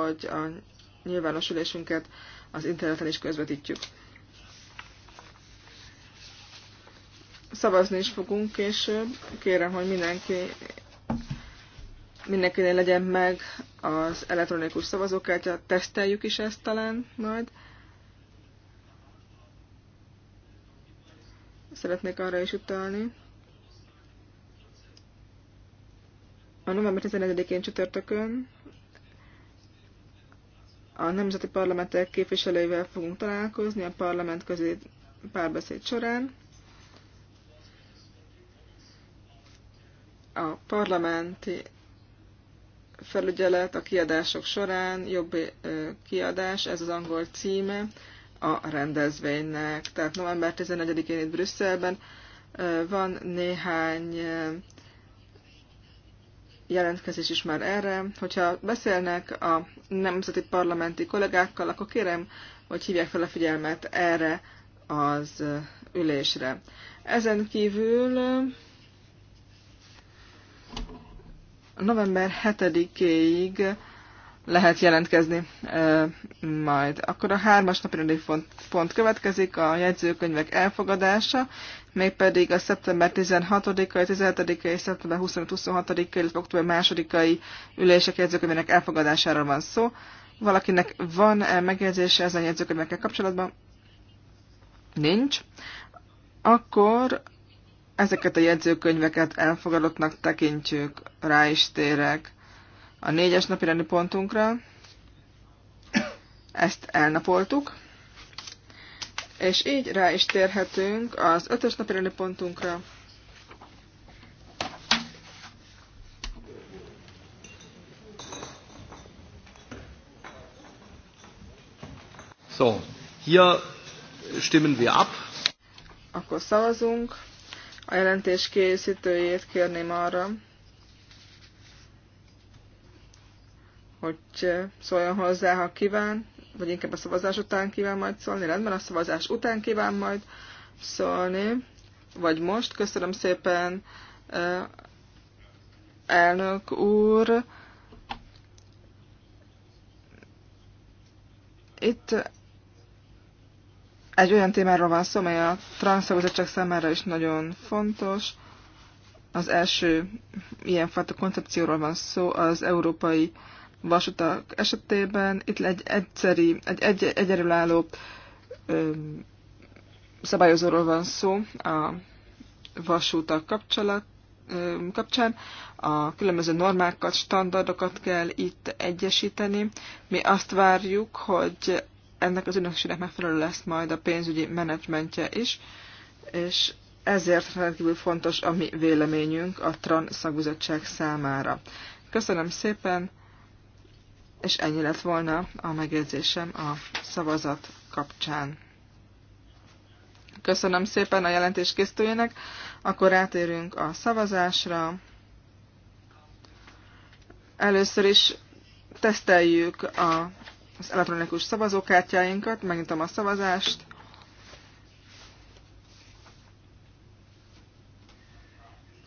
hogy a nyilvános ülésünket az interneten is közvetítjük. Szavazni is fogunk később. Kérem, hogy mindenki mindenkinél legyen meg az elektronikus szavazókártya, teszteljük is ezt talán majd. Szeretnék arra is utalni. A november 11-én csütörtökön a nemzeti parlamentek képviselőivel fogunk találkozni a parlament közé párbeszéd során. A parlamenti felügyelet a kiadások során, jobb kiadás, ez az angol címe a rendezvénynek. Tehát november 14-én itt Brüsszelben van néhány jelentkezés is már erre. Hogyha beszélnek a nemzeti parlamenti kollégákkal, akkor kérem, hogy hívják fel a figyelmet erre az ülésre. Ezen kívül november 7-éig lehet jelentkezni e, majd. Akkor a hármas napi pont, pont következik, a jegyzőkönyvek elfogadása, mégpedig a szeptember 16-ai, 17 és szeptember 25-26-ai, illetve október 2-ai ülések jegyzőkönyvének elfogadásáról van szó. Valakinek van -e megjegyzése ezen jegyzőkönyvekkel kapcsolatban? Nincs. Akkor ezeket a jegyzőkönyveket elfogadottnak tekintjük, rá is térek a négyes napi rendi pontunkra. Ezt elnapoltuk. És így rá is térhetünk az ötös napi rendi pontunkra. So, hier stimmen wir ab. Akkor szavazunk. A jelentés készítőjét kérném arra, hogy szóljon hozzá, ha kíván, vagy inkább a szavazás után kíván majd szólni. Rendben, a szavazás után kíván majd szólni, vagy most. Köszönöm szépen, eh, elnök úr. Itt egy olyan témáról van szó, mely a transzszagozottság számára is nagyon fontos. Az első ilyenfajta koncepcióról van szó az európai vasutak esetében. Itt egy egyszeri, egy, egy egyerülálló szabályozóról van szó a vasútak kapcsolat, kapcsán. A különböző normákat, standardokat kell itt egyesíteni. Mi azt várjuk, hogy ennek az ügynökségnek megfelelő lesz majd a pénzügyi menedzsmentje is, és ezért rendkívül fontos a mi véleményünk a TRAN szakbizottság számára. Köszönöm szépen, és ennyi lett volna a megjegyzésem a szavazat kapcsán. Köszönöm szépen a jelentés készítőjének. Akkor átérünk a szavazásra. Először is teszteljük a, az elektronikus szavazókártyáinkat. Megnyitom a szavazást.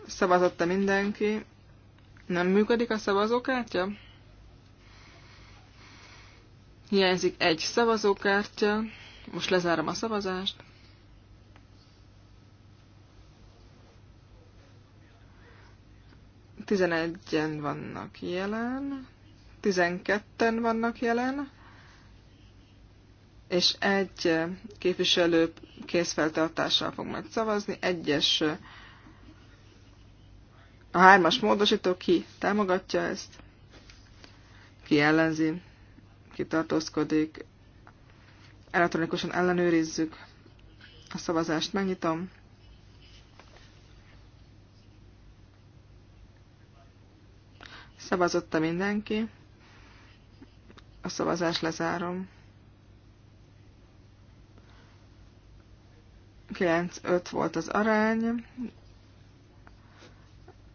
Szavazott-e mindenki? Nem működik a szavazókártya? Hiányzik egy szavazókártya. Most lezárom a szavazást. Tizenegyen vannak jelen. Tizenketten vannak jelen. És egy képviselő készfeltartással fog majd szavazni. Egyes a hármas módosító ki támogatja ezt, ki ellenzi kitartózkodik. Elektronikusan ellenőrizzük. A szavazást megnyitom. Szavazotta mindenki. A szavazást lezárom. 9-5 volt az arány.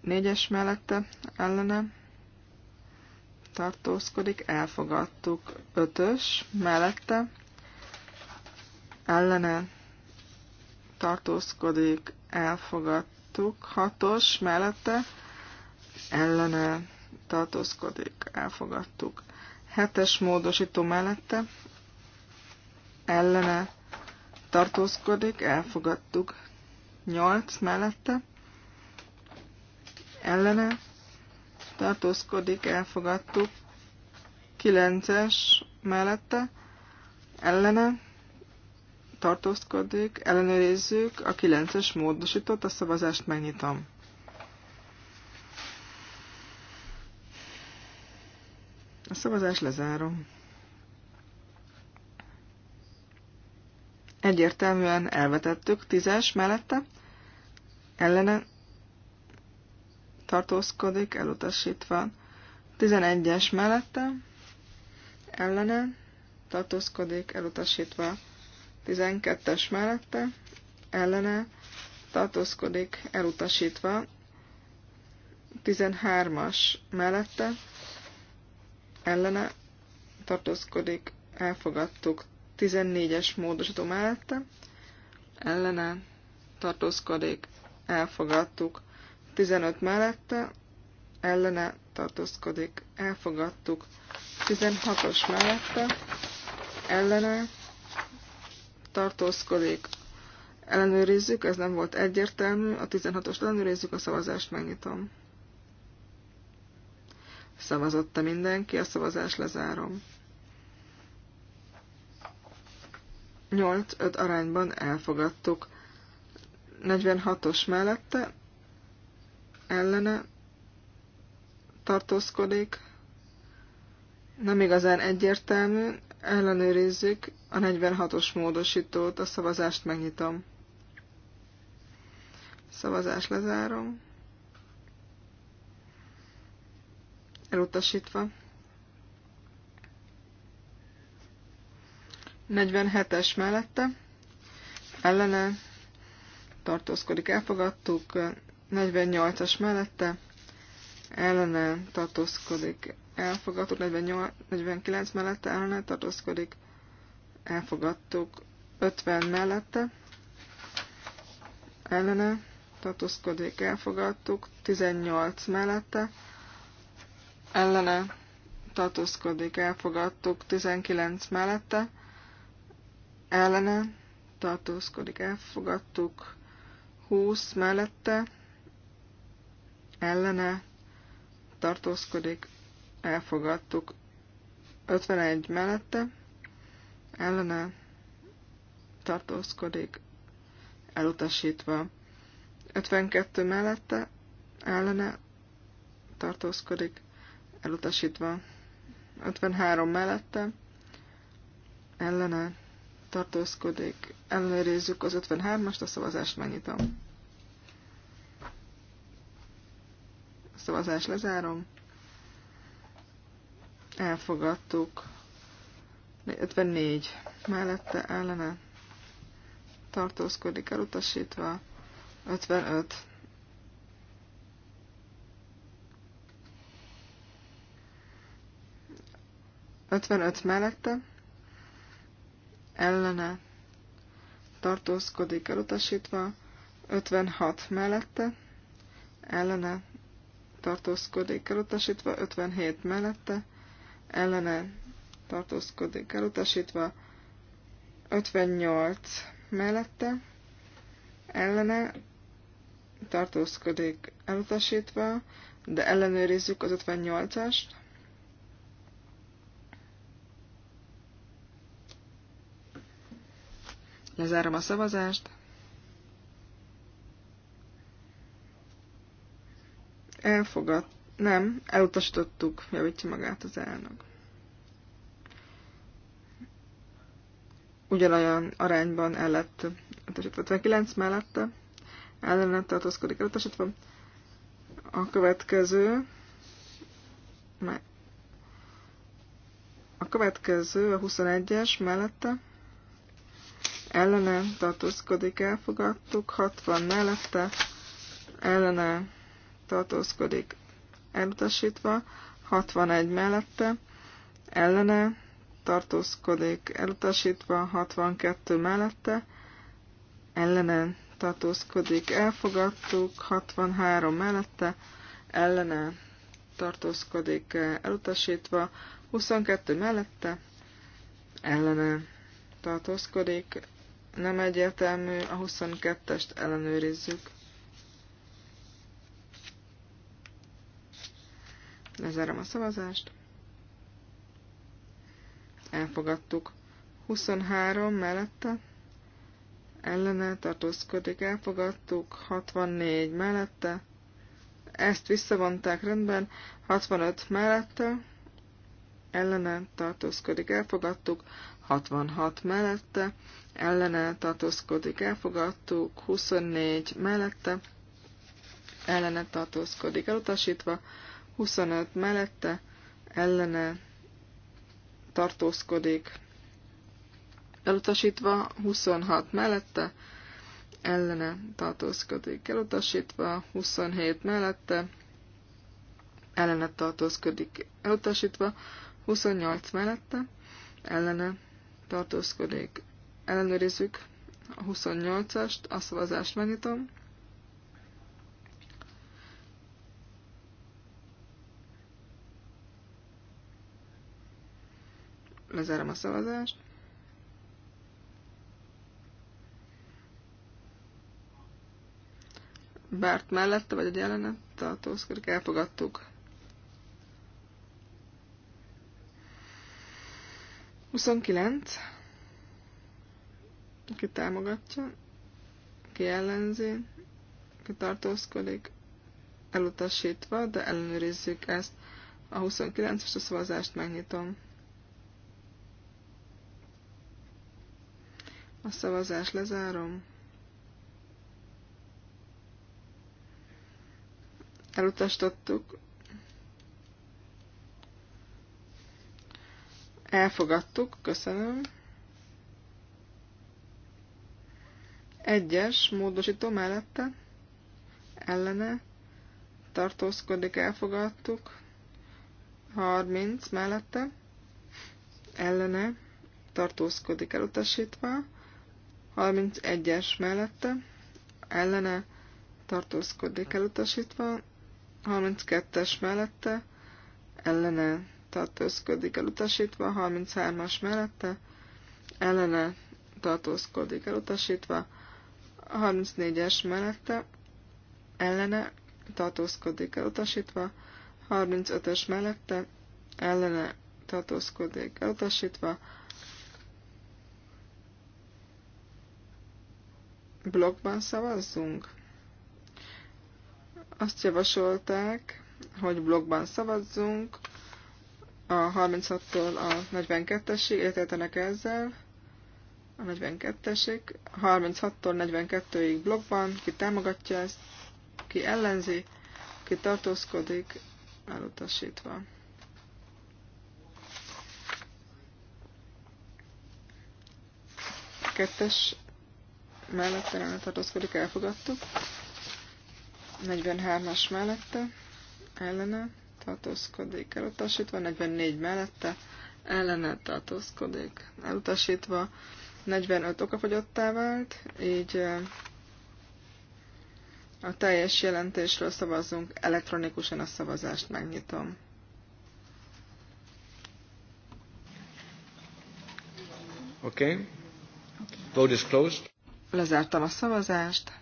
4-es mellette ellene tartózkodik, elfogadtuk. Ötös mellette ellene tartózkodik, elfogadtuk. Hatos mellette ellene tartózkodik, elfogadtuk. Hetes módosító mellette ellene tartózkodik, elfogadtuk. Nyolc mellette ellene tartózkodik, elfogadtuk. 9-es mellette ellene tartózkodik, ellenőrizzük a 9-es módosított, a szavazást megnyitom. A szavazást lezárom. Egyértelműen elvetettük, tízes mellette, ellene tartózkodik, elutasítva. 11-es mellette, ellene, tartózkodik, elutasítva. 12-es mellette, ellene, tartózkodik, elutasítva. 13-as mellette, ellene, tartózkodik, elfogadtuk. 14-es módosító mellette, ellene, tartózkodik, elfogadtuk. 15 mellette ellene tartózkodik. Elfogadtuk. 16-os mellette ellene tartózkodik. Ellenőrizzük, ez nem volt egyértelmű. A 16-os ellenőrizzük, a szavazást megnyitom. Szavazotta mindenki, a szavazást lezárom. 8-5 arányban elfogadtuk. 46-os mellette ellene tartózkodik. Nem igazán egyértelmű, ellenőrizzük a 46-os módosítót, a szavazást megnyitom. Szavazás lezárom. Elutasítva. 47-es mellette ellene tartózkodik, elfogadtuk, 48-as mellette ellene tartózkodik, elfogadtuk, 48, 49 mellette ellene tartózkodik, elfogadtuk, 50 mellette ellene tartózkodik, elfogadtuk, 18 mellette ellene tartózkodik, elfogadtuk, 19 mellette ellene tartózkodik, elfogadtuk, 20 mellette ellene tartózkodik, elfogadtuk. 51 mellette ellene tartózkodik, elutasítva. 52 mellette ellene tartózkodik, elutasítva. 53 mellette ellene tartózkodik, ellenőrizzük az 53-ast, a szavazást megnyitom. Szavazás lezárom. Elfogadtuk. 54 mellette ellene tartózkodik elutasítva. 55 55 mellette ellene tartózkodik elutasítva, 56 mellette ellene tartózkodik elutasítva, 57 mellette ellene tartózkodik elutasítva, 58 mellette ellene tartózkodik elutasítva, de ellenőrizzük az 58-ast. Lezárom a szavazást. Elfogad. Nem, elutasítottuk, javítja magát az elnök. Ugyanolyan arányban el lett 59 mellette ellenet tartózkodik elutasítva. A következő a következő, a 21-es mellette ellene tartózkodik, elfogadtuk, 60 mellette ellene tartózkodik elutasítva, 61 mellette, ellene tartózkodik elutasítva, 62 mellette, ellene tartózkodik elfogadtuk, 63 mellette, ellene tartózkodik elutasítva, 22 mellette, ellene tartózkodik, nem egyértelmű, a 22-est ellenőrizzük. Lezárom a szavazást. Elfogadtuk. 23 mellette ellene tartózkodik, elfogadtuk, 64 mellette, ezt visszavonták rendben, 65 mellette, ellene tartózkodik, elfogadtuk, 66 mellette, ellene tartózkodik, elfogadtuk, 24 mellette, ellene tartózkodik, elutasítva, 25 mellette ellene tartózkodik, elutasítva 26 mellette ellene tartózkodik, elutasítva 27 mellette ellene tartózkodik, elutasítva 28 mellette ellene tartózkodik. Ellenőrizzük a 28-ast, a szavazást megnyitom. Lezárom a szavazást. Bárt mellette, vagy egy ellene tartózkodik, elfogadtuk. 29. Ki támogatja, ki ellenzi, ki tartózkodik, elutasítva, de ellenőrizzük ezt. A 29-es szavazást megnyitom. A szavazást lezárom. Elutasítottuk. Elfogadtuk, köszönöm. Egyes módosító mellette ellene tartózkodik, elfogadtuk. 30 mellette ellene tartózkodik elutasítva. 31-es mellette ellene tartózkodik elutasítva, 32-es mellette ellene tartózkodik elutasítva, 33-as mellette ellene tartózkodik elutasítva, 34-es mellette ellene tartózkodik elutasítva, 35-ös mellette ellene tartózkodik elutasítva, blogban szavazzunk? Azt javasolták, hogy blogban szavazzunk a 36-tól a 42-esig, értetenek ezzel a 42-esig, 36-tól 42-ig blogban, ki támogatja ezt, ki ellenzi, ki tartózkodik, elutasítva. Kettes mellette nem tartózkodik, elfogadtuk. 43-as mellette ellene tartózkodik, elutasítva. 44 mellette ellene tartózkodik, elutasítva. 45 okafogyottá vált, így a teljes jelentésről szavazzunk, elektronikusan a szavazást megnyitom. Okay. Vote is closed. Lezártam a szavazást.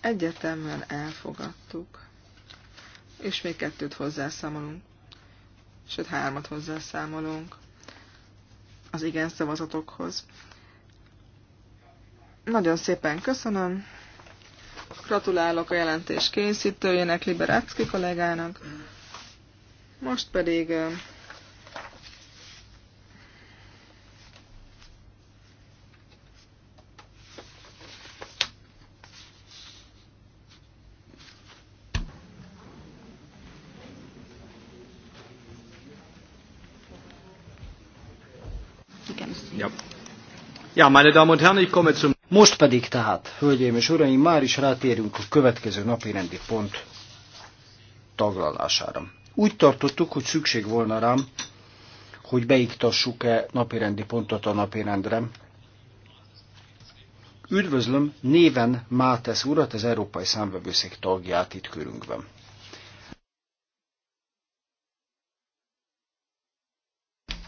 Egyetemben elfogadtuk. És még kettőt hozzászámolunk. Sőt, hármat hozzászámolunk az igen szavazatokhoz. Nagyon szépen köszönöm. Gratulálok a jelentés készítőjének, Liberácki kollégának. Most pedig Ja, meine Damen und Herren, ich komme zum... Most pedig tehát, hölgyeim és uraim, már is rátérünk a következő napi rendi pont taglalására. Úgy tartottuk, hogy szükség volna rám, hogy beiktassuk-e napirendi pontot a napirendre. Üdvözlöm néven Mátesz urat, az Európai Számvevőszék tagját itt körünkben.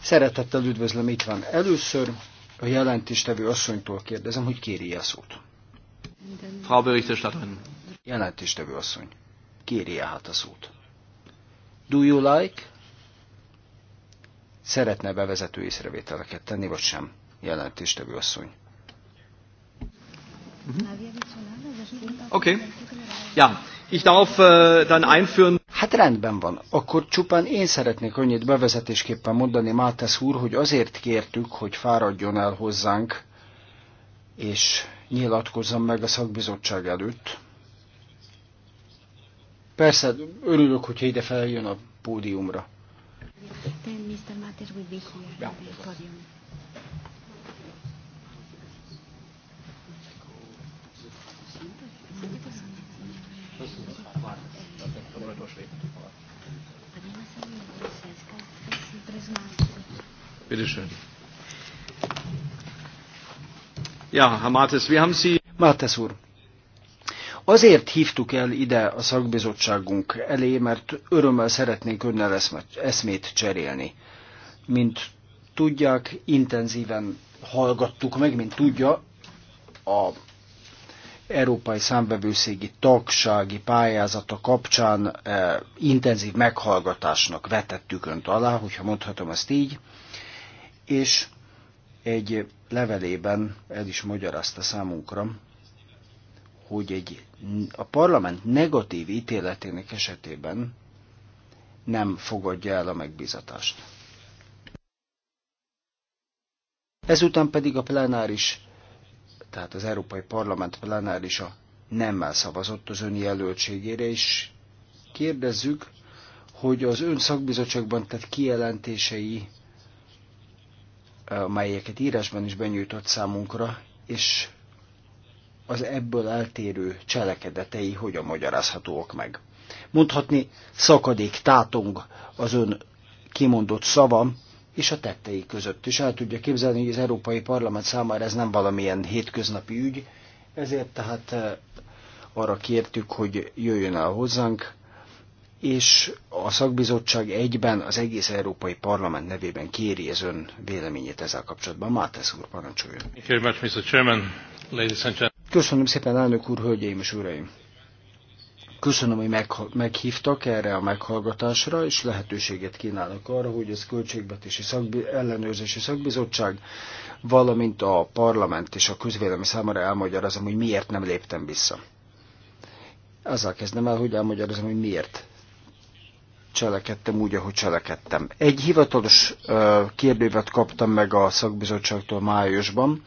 Szeretettel üdvözlöm, itt van először a jelentéstevő asszonytól kérdezem, hogy kéri a szót. Frau Berichterstatterin. Jelentéstevő asszony. Kéri -e hát a szót. Do you like? Szeretne bevezető észrevételeket tenni, vagy sem? Jelentéstevő asszony. Mhm. Oké. Okay. Ja, ich darf uh, dann einführen. Hát rendben van. Akkor csupán én szeretnék annyit bevezetésképpen mondani Mátesz úr, hogy azért kértük, hogy fáradjon el hozzánk, és nyilatkozzon meg a szakbizottság előtt. Persze, örülök, hogyha ide feljön a pódiumra. Köszönöm которая тоже schön. Ja, Herr Martes, wir haben Sie... Martes úr, Azért hívtuk el ide a szakbizottságunk elé, mert örömmel szeretnénk önnel eszmét cserélni. Mint tudják, intenzíven hallgattuk meg, mint tudja, a európai számbevőszégi tagsági pályázata kapcsán eh, intenzív meghallgatásnak vetettük önt alá, hogyha mondhatom ezt így, és egy levelében el is magyarázta számunkra, hogy egy, a parlament negatív ítéletének esetében nem fogadja el a megbízatást. Ezután pedig a plenáris tehát az Európai Parlament plenárisa nemmel szavazott az ön jelöltségére, és kérdezzük, hogy az ön szakbizottságban tett kijelentései, eh, melyeket írásban is benyújtott számunkra, és az ebből eltérő cselekedetei hogyan magyarázhatóak meg. Mondhatni, szakadék tátong az ön kimondott szava és a tettei között. És el tudja képzelni, hogy az Európai Parlament számára ez nem valamilyen hétköznapi ügy, ezért tehát eh, arra kértük, hogy jöjjön el hozzánk, és a szakbizottság egyben az egész Európai Parlament nevében kéri az ön véleményét ezzel kapcsolatban. Mátesz úr, parancsoljon. Köszönöm szépen, elnök úr, hölgyeim és uraim! Köszönöm, hogy meghívtak erre a meghallgatásra, és lehetőséget kínálnak arra, hogy az Költségvetési Szakbi, Ellenőrzési Szakbizottság, valamint a parlament és a közvélemény számára elmagyarázom, hogy miért nem léptem vissza. Azzal kezdem el, hogy elmagyarázom, hogy miért cselekedtem úgy, ahogy cselekedtem. Egy hivatalos kérdővet kaptam meg a szakbizottságtól májusban,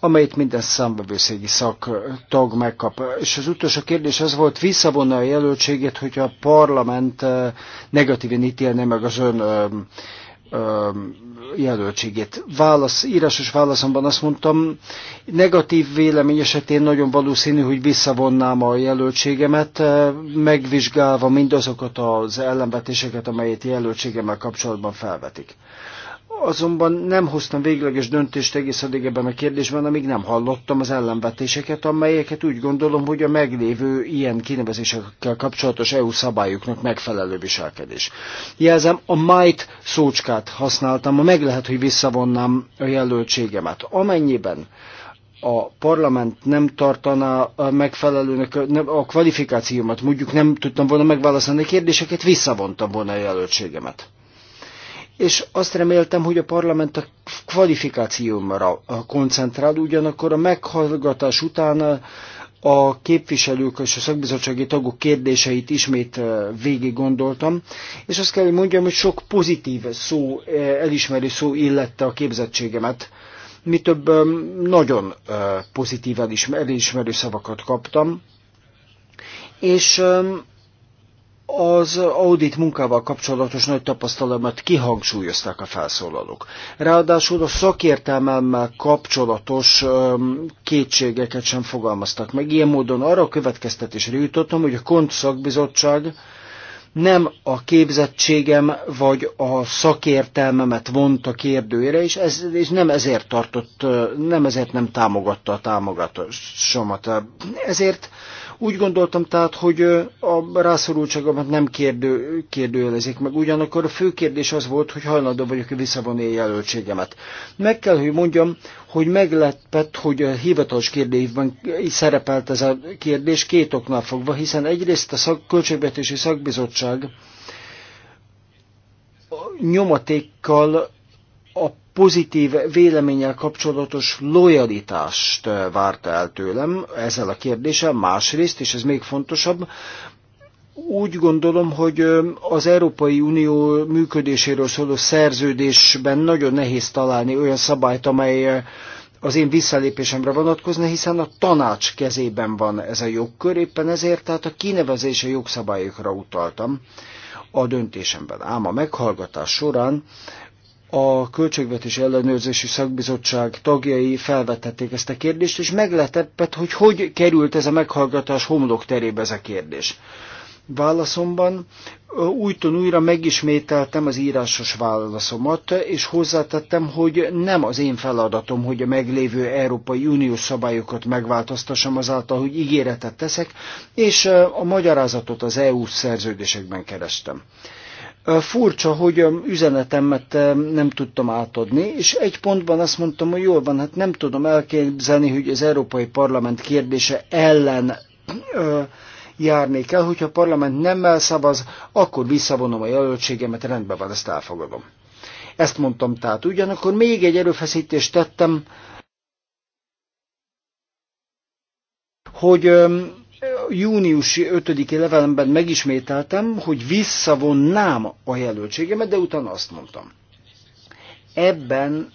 amelyet minden számbevőszégi szaktag megkap. És az utolsó kérdés az volt, visszavonna a jelöltségét, hogyha a parlament negatíven ítélne meg az ön jelöltségét. Válasz, írásos válaszomban azt mondtam, negatív vélemény esetén nagyon valószínű, hogy visszavonnám a jelöltségemet, megvizsgálva mindazokat az ellenvetéseket, amelyet jelöltségemmel kapcsolatban felvetik azonban nem hoztam végleges döntést egész addig ebben a kérdésben, amíg nem hallottam az ellenvetéseket, amelyeket úgy gondolom, hogy a meglévő ilyen kinevezésekkel kapcsolatos EU szabályoknak megfelelő viselkedés. Jelzem, a might szócskát használtam, a meg lehet, hogy visszavonnám a jelöltségemet. Amennyiben a parlament nem tartaná megfelelőnek a kvalifikációmat, mondjuk nem tudtam volna megválaszolni a kérdéseket, visszavontam volna a jelöltségemet és azt reméltem, hogy a parlament a kvalifikációmra koncentrál, ugyanakkor a meghallgatás után a képviselők és a szakbizottsági tagok kérdéseit ismét eh, végig gondoltam, és azt kell, hogy mondjam, hogy sok pozitív szó, eh, elismerő szó illette a képzettségemet. Mi több eh, nagyon pozitív elismerő szavakat kaptam, és az audit munkával kapcsolatos nagy tapasztalatot kihangsúlyozták a felszólalók. Ráadásul a szakértelmemmel kapcsolatos kétségeket sem fogalmaztak meg. Ilyen módon arra a következtetésre jutottam, hogy a KONT szakbizottság nem a képzettségem vagy a szakértelmemet vonta kérdőjére, és, ez, és nem ezért tartott, nem ezért nem támogatta a támogatásomat. Ezért úgy gondoltam tehát, hogy a rászorultságomat nem kérdő, kérdőjelezik meg. Ugyanakkor a fő kérdés az volt, hogy hajlandó vagyok visszavonni a jelöltségemet. Meg kell, hogy mondjam, hogy meglepett, hogy a hivatalos kérdésben szerepelt ez a kérdés két oknál fogva, hiszen egyrészt a szak, Költségvetési Szakbizottság nyomatékkal a pozitív véleménnyel kapcsolatos lojalitást várta el tőlem ezzel a kérdéssel, másrészt, és ez még fontosabb, úgy gondolom, hogy az Európai Unió működéséről szóló szerződésben nagyon nehéz találni olyan szabályt, amely az én visszalépésemre vonatkozna, hiszen a tanács kezében van ez a jogkör, éppen ezért tehát a kinevezése jogszabályokra utaltam a döntésemben. Ám a meghallgatás során a Költségvetés Ellenőrzési Szakbizottság tagjai felvetették ezt a kérdést, és meglepett, hogy hogy került ez a meghallgatás homlok terébe ez a kérdés. Válaszomban újton újra megismételtem az írásos válaszomat, és hozzátettem, hogy nem az én feladatom, hogy a meglévő Európai Uniós szabályokat megváltoztassam azáltal, hogy ígéretet teszek, és a magyarázatot az EU szerződésekben kerestem. Furcsa, hogy üzenetemet nem tudtam átadni, és egy pontban azt mondtam, hogy jól van, hát nem tudom elképzelni, hogy az Európai Parlament kérdése ellen járni járnék el, hogyha a parlament nem elszavaz, akkor visszavonom a jelöltségemet, rendben van, ezt elfogadom. Ezt mondtam tehát. Ugyanakkor még egy erőfeszítést tettem, hogy júniusi 5 levelemben megismételtem, hogy visszavonnám a jelöltségemet, de utána azt mondtam. Ebben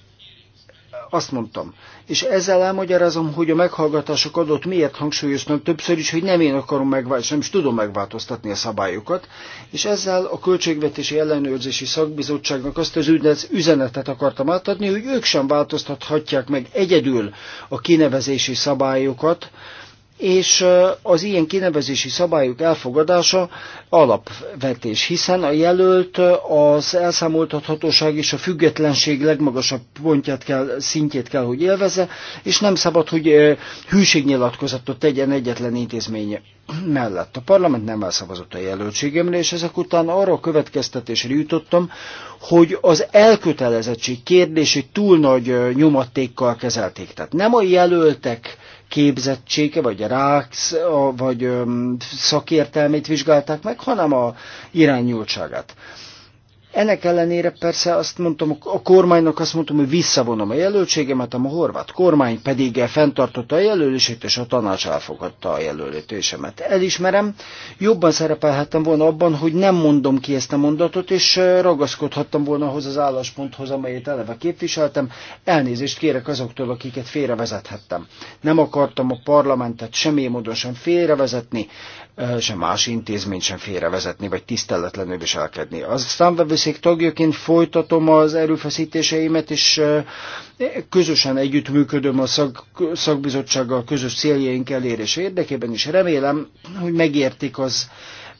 azt mondtam, és ezzel elmagyarázom, hogy a meghallgatások adott miért hangsúlyoztam többször is, hogy nem én akarom megváltoztatni, nem is tudom megváltoztatni a szabályokat, és ezzel a Költségvetési Ellenőrzési Szakbizottságnak azt az üzenetet akartam átadni, hogy ők sem változtathatják meg egyedül a kinevezési szabályokat, és az ilyen kinevezési szabályok elfogadása alapvetés, hiszen a jelölt az elszámoltathatóság és a függetlenség legmagasabb pontját kell, szintjét kell, hogy élvezze, és nem szabad, hogy hűségnyilatkozatot tegyen egyetlen intézménye mellett. A parlament nem elszavazott a jelöltségemre, és ezek után arra a következtetésre jutottam, hogy az elkötelezettség kérdését túl nagy nyomatékkal kezelték. Tehát nem a jelöltek képzettsége, vagy ráksz, vagy szakértelmét vizsgálták meg, hanem a irányultságát. Ennek ellenére persze azt mondtam, a kormánynak azt mondtam, hogy visszavonom a jelöltségemet, a horvát kormány pedig fenntartotta a jelölését, és a tanács elfogadta a jelölítésemet. Elismerem, jobban szerepelhettem volna abban, hogy nem mondom ki ezt a mondatot, és ragaszkodhattam volna ahhoz az állásponthoz, amelyet eleve képviseltem. Elnézést kérek azoktól, akiket félrevezethettem. Nem akartam a parlamentet semmi módon sem félrevezetni sem más intézményt sem félrevezetni, vagy tiszteletlenül viselkedni. Az számvevőszék tagjaként folytatom az erőfeszítéseimet, és közösen együttműködöm a szak, szakbizottsággal közös céljaink elérés érdekében, és remélem, hogy megértik az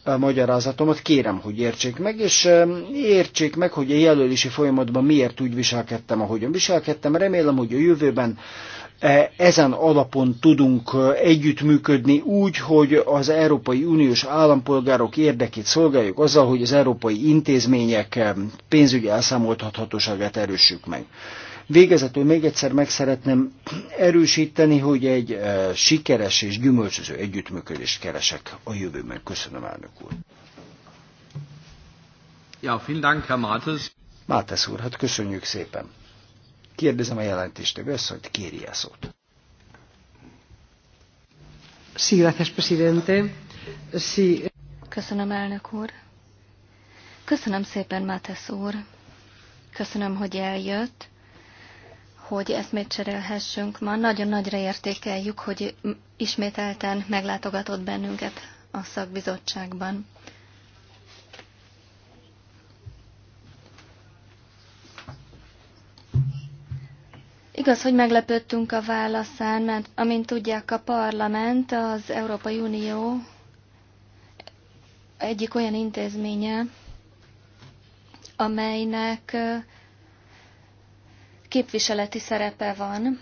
a magyarázatomat, kérem, hogy értsék meg, és értsék meg, hogy a jelölési folyamatban miért úgy viselkedtem, ahogyan viselkedtem. Remélem, hogy a jövőben E, ezen alapon tudunk e, együttműködni úgy, hogy az Európai Uniós állampolgárok érdekét szolgáljuk azzal, hogy az európai intézmények e, pénzügyi elszámoltathatóságát erősük meg. Végezetül még egyszer meg szeretném erősíteni, hogy egy sikeres és gyümölcsöző együttműködést keresek a jövőben. Köszönöm, elnök úr. Ja, vielen Dank, Herr Mátes. úr, hát köszönjük szépen. Kérdezem a jelentéstevő asszonyt, kéri a szót. Sí, gracias, presidente. Sí. Köszönöm, elnök úr. Köszönöm szépen, Mátesz úr. Köszönöm, hogy eljött, hogy ezt még cserélhessünk ma. Nagyon nagyra értékeljük, hogy ismételten meglátogatott bennünket a szakbizottságban. Igaz, hogy meglepődtünk a válaszán, mert amint tudják, a parlament az Európai Unió egyik olyan intézménye, amelynek képviseleti szerepe van,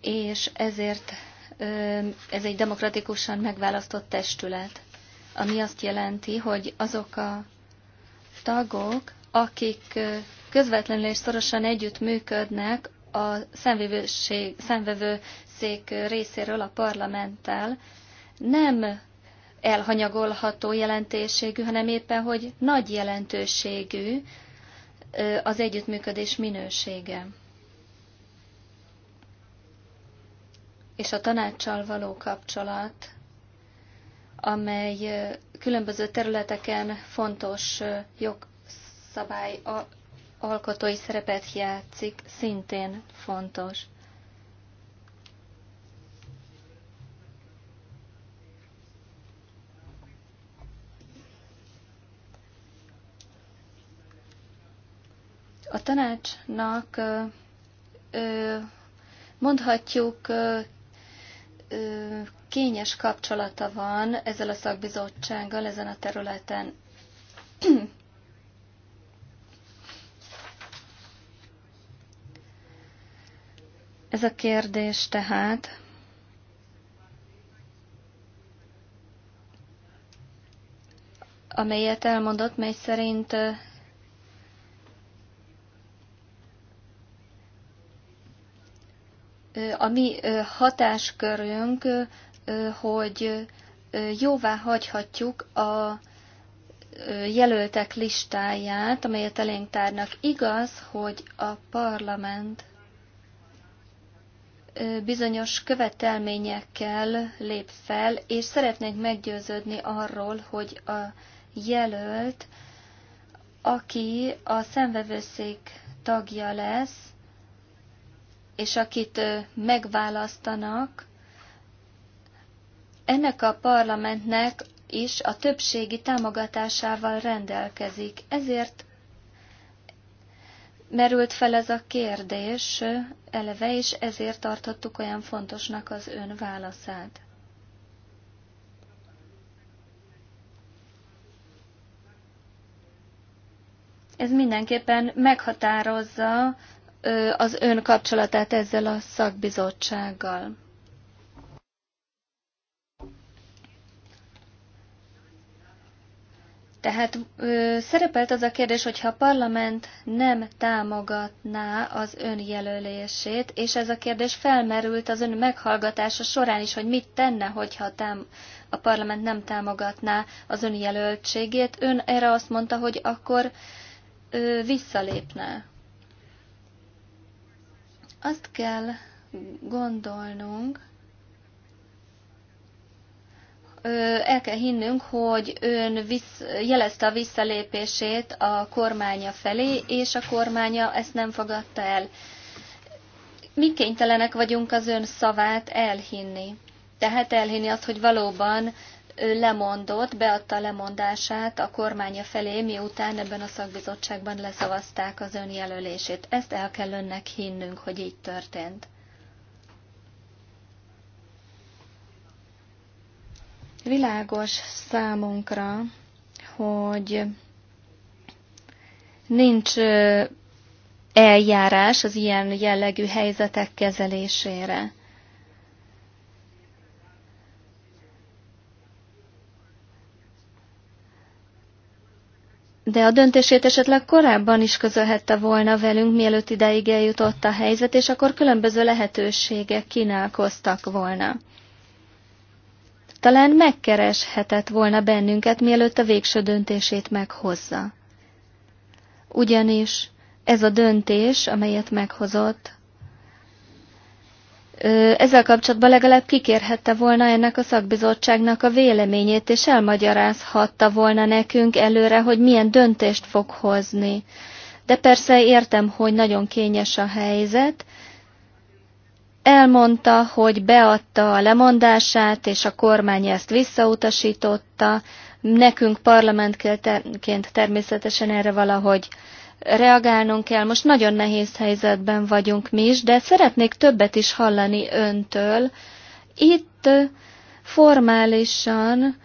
és ezért ez egy demokratikusan megválasztott testület, ami azt jelenti, hogy azok a tagok, akik közvetlenül és szorosan együtt működnek a szemvevő szék részéről a parlamenttel nem elhanyagolható jelentőségű, hanem éppen, hogy nagy jelentőségű az együttműködés minősége. És a tanácssal való kapcsolat, amely különböző területeken fontos jogszabály alkotói szerepet játszik, szintén fontos. A tanácsnak mondhatjuk kényes kapcsolata van ezzel a szakbizottsággal ezen a területen. Ez a kérdés tehát amelyet elmondott, mely szerint a mi hatáskörünk, hogy jóvá hagyhatjuk a jelöltek listáját, amelyet elénk tárnak. Igaz, hogy a parlament bizonyos követelményekkel lép fel, és szeretnénk meggyőződni arról, hogy a jelölt, aki a szemvevőszék tagja lesz, és akit megválasztanak, ennek a parlamentnek is a többségi támogatásával rendelkezik. Ezért merült fel ez a kérdés eleve, és ezért tartottuk olyan fontosnak az ön válaszát. Ez mindenképpen meghatározza az ön kapcsolatát ezzel a szakbizottsággal. Tehát ö, szerepelt az a kérdés, hogyha a parlament nem támogatná az ön jelölését, és ez a kérdés felmerült az ön meghallgatása során is, hogy mit tenne, hogyha tám a parlament nem támogatná az ön jelöltségét. Ön erre azt mondta, hogy akkor ö, visszalépne. Azt kell gondolnunk, el kell hinnünk, hogy ön visz, jelezte a visszalépését a kormánya felé, és a kormánya ezt nem fogadta el. Mi kénytelenek vagyunk az ön szavát elhinni. Tehát elhinni azt, hogy valóban ő lemondott, beadta a lemondását a kormánya felé, miután ebben a szakbizottságban leszavazták az ön jelölését. Ezt el kell önnek hinnünk, hogy így történt. Világos számunkra, hogy nincs eljárás az ilyen jellegű helyzetek kezelésére. De a döntését esetleg korábban is közölhette volna velünk, mielőtt ideig eljutott a helyzet, és akkor különböző lehetőségek kínálkoztak volna. Talán megkereshetett volna bennünket, mielőtt a végső döntését meghozza. Ugyanis ez a döntés, amelyet meghozott, ezzel kapcsolatban legalább kikérhette volna ennek a szakbizottságnak a véleményét, és elmagyarázhatta volna nekünk előre, hogy milyen döntést fog hozni. De persze értem, hogy nagyon kényes a helyzet, elmondta, hogy beadta a lemondását, és a kormány ezt visszautasította. Nekünk parlamentként természetesen erre valahogy reagálnunk kell. Most nagyon nehéz helyzetben vagyunk mi is, de szeretnék többet is hallani öntől. Itt formálisan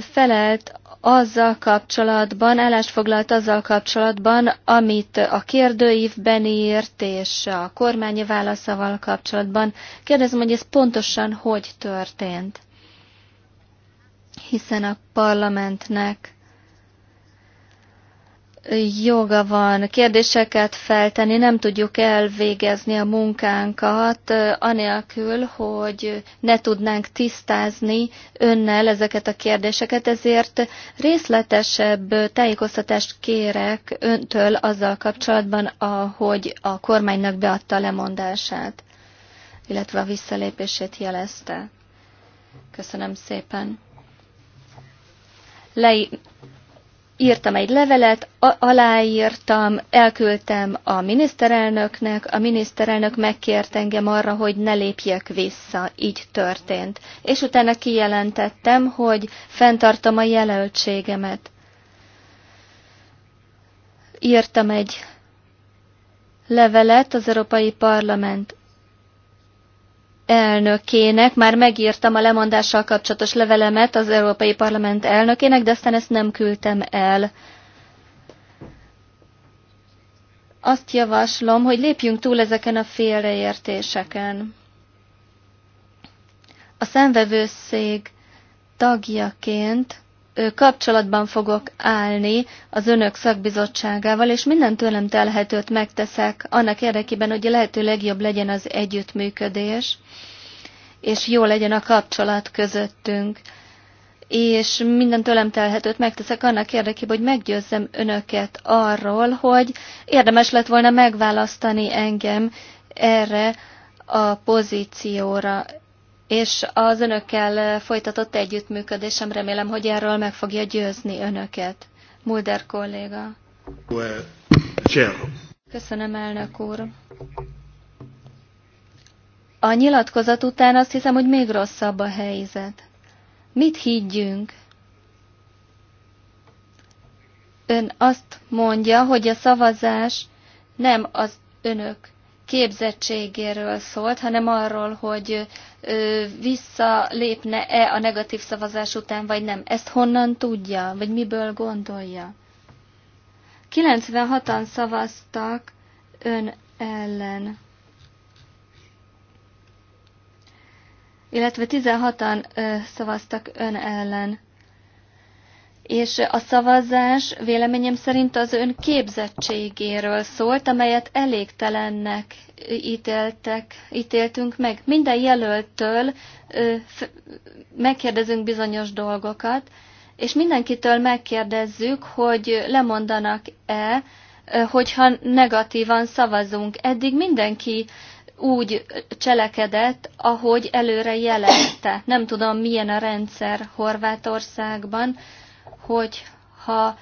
felelt azzal kapcsolatban, állást foglalt azzal kapcsolatban, amit a kérdőívben írt, és a kormányi válaszával kapcsolatban. Kérdezem, hogy ez pontosan hogy történt? Hiszen a parlamentnek joga van kérdéseket feltenni, nem tudjuk elvégezni a munkánkat, anélkül, hogy ne tudnánk tisztázni önnel ezeket a kérdéseket, ezért részletesebb tájékoztatást kérek öntől azzal kapcsolatban, ahogy a kormánynak beadta a lemondását, illetve a visszalépését jelezte. Köszönöm szépen. Lei írtam egy levelet, aláírtam, elküldtem a miniszterelnöknek, a miniszterelnök megkért engem arra, hogy ne lépjek vissza, így történt. És utána kijelentettem, hogy fenntartom a jelöltségemet. Írtam egy levelet az Európai Parlament elnökének, már megírtam a lemondással kapcsolatos levelemet az Európai Parlament elnökének, de aztán ezt nem küldtem el. Azt javaslom, hogy lépjünk túl ezeken a félreértéseken. A szenvevőszég tagjaként kapcsolatban fogok állni az önök szakbizottságával, és minden tőlem telhetőt megteszek annak érdekében, hogy a lehető legjobb legyen az együttműködés és jó legyen a kapcsolat közöttünk. És minden tőlem telhetőt megteszek annak érdekében, hogy meggyőzzem önöket arról, hogy érdemes lett volna megválasztani engem erre a pozícióra. És az önökkel folytatott együttműködésem remélem, hogy erről meg fogja győzni önöket. Mulder kolléga. Köszönöm, elnök úr. A nyilatkozat után azt hiszem, hogy még rosszabb a helyzet. Mit higgyünk? Ön azt mondja, hogy a szavazás nem az önök képzettségéről szólt, hanem arról, hogy ö, visszalépne-e a negatív szavazás után, vagy nem. Ezt honnan tudja, vagy miből gondolja? 96-an szavaztak ön ellen. illetve 16-an szavaztak ön ellen. És a szavazás véleményem szerint az ön képzettségéről szólt, amelyet elégtelennek ítéltek, ítéltünk meg. Minden jelöltől ö, megkérdezünk bizonyos dolgokat, és mindenkitől megkérdezzük, hogy lemondanak-e, hogyha negatívan szavazunk. Eddig mindenki úgy cselekedett, ahogy előre jelezte. Nem tudom, milyen a rendszer Horvátországban, hogy ha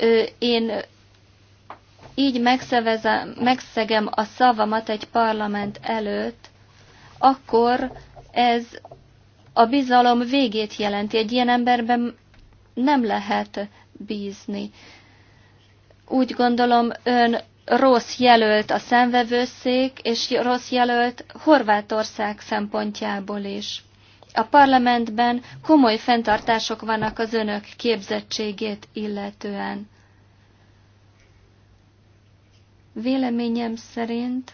ö, én így megszegem a szavamat egy parlament előtt, akkor ez a bizalom végét jelenti. Egy ilyen emberben nem lehet bízni. Úgy gondolom, ön rossz jelölt a szenvevőszék, és rossz jelölt Horvátország szempontjából is. A parlamentben komoly fenntartások vannak az önök képzettségét illetően. Véleményem szerint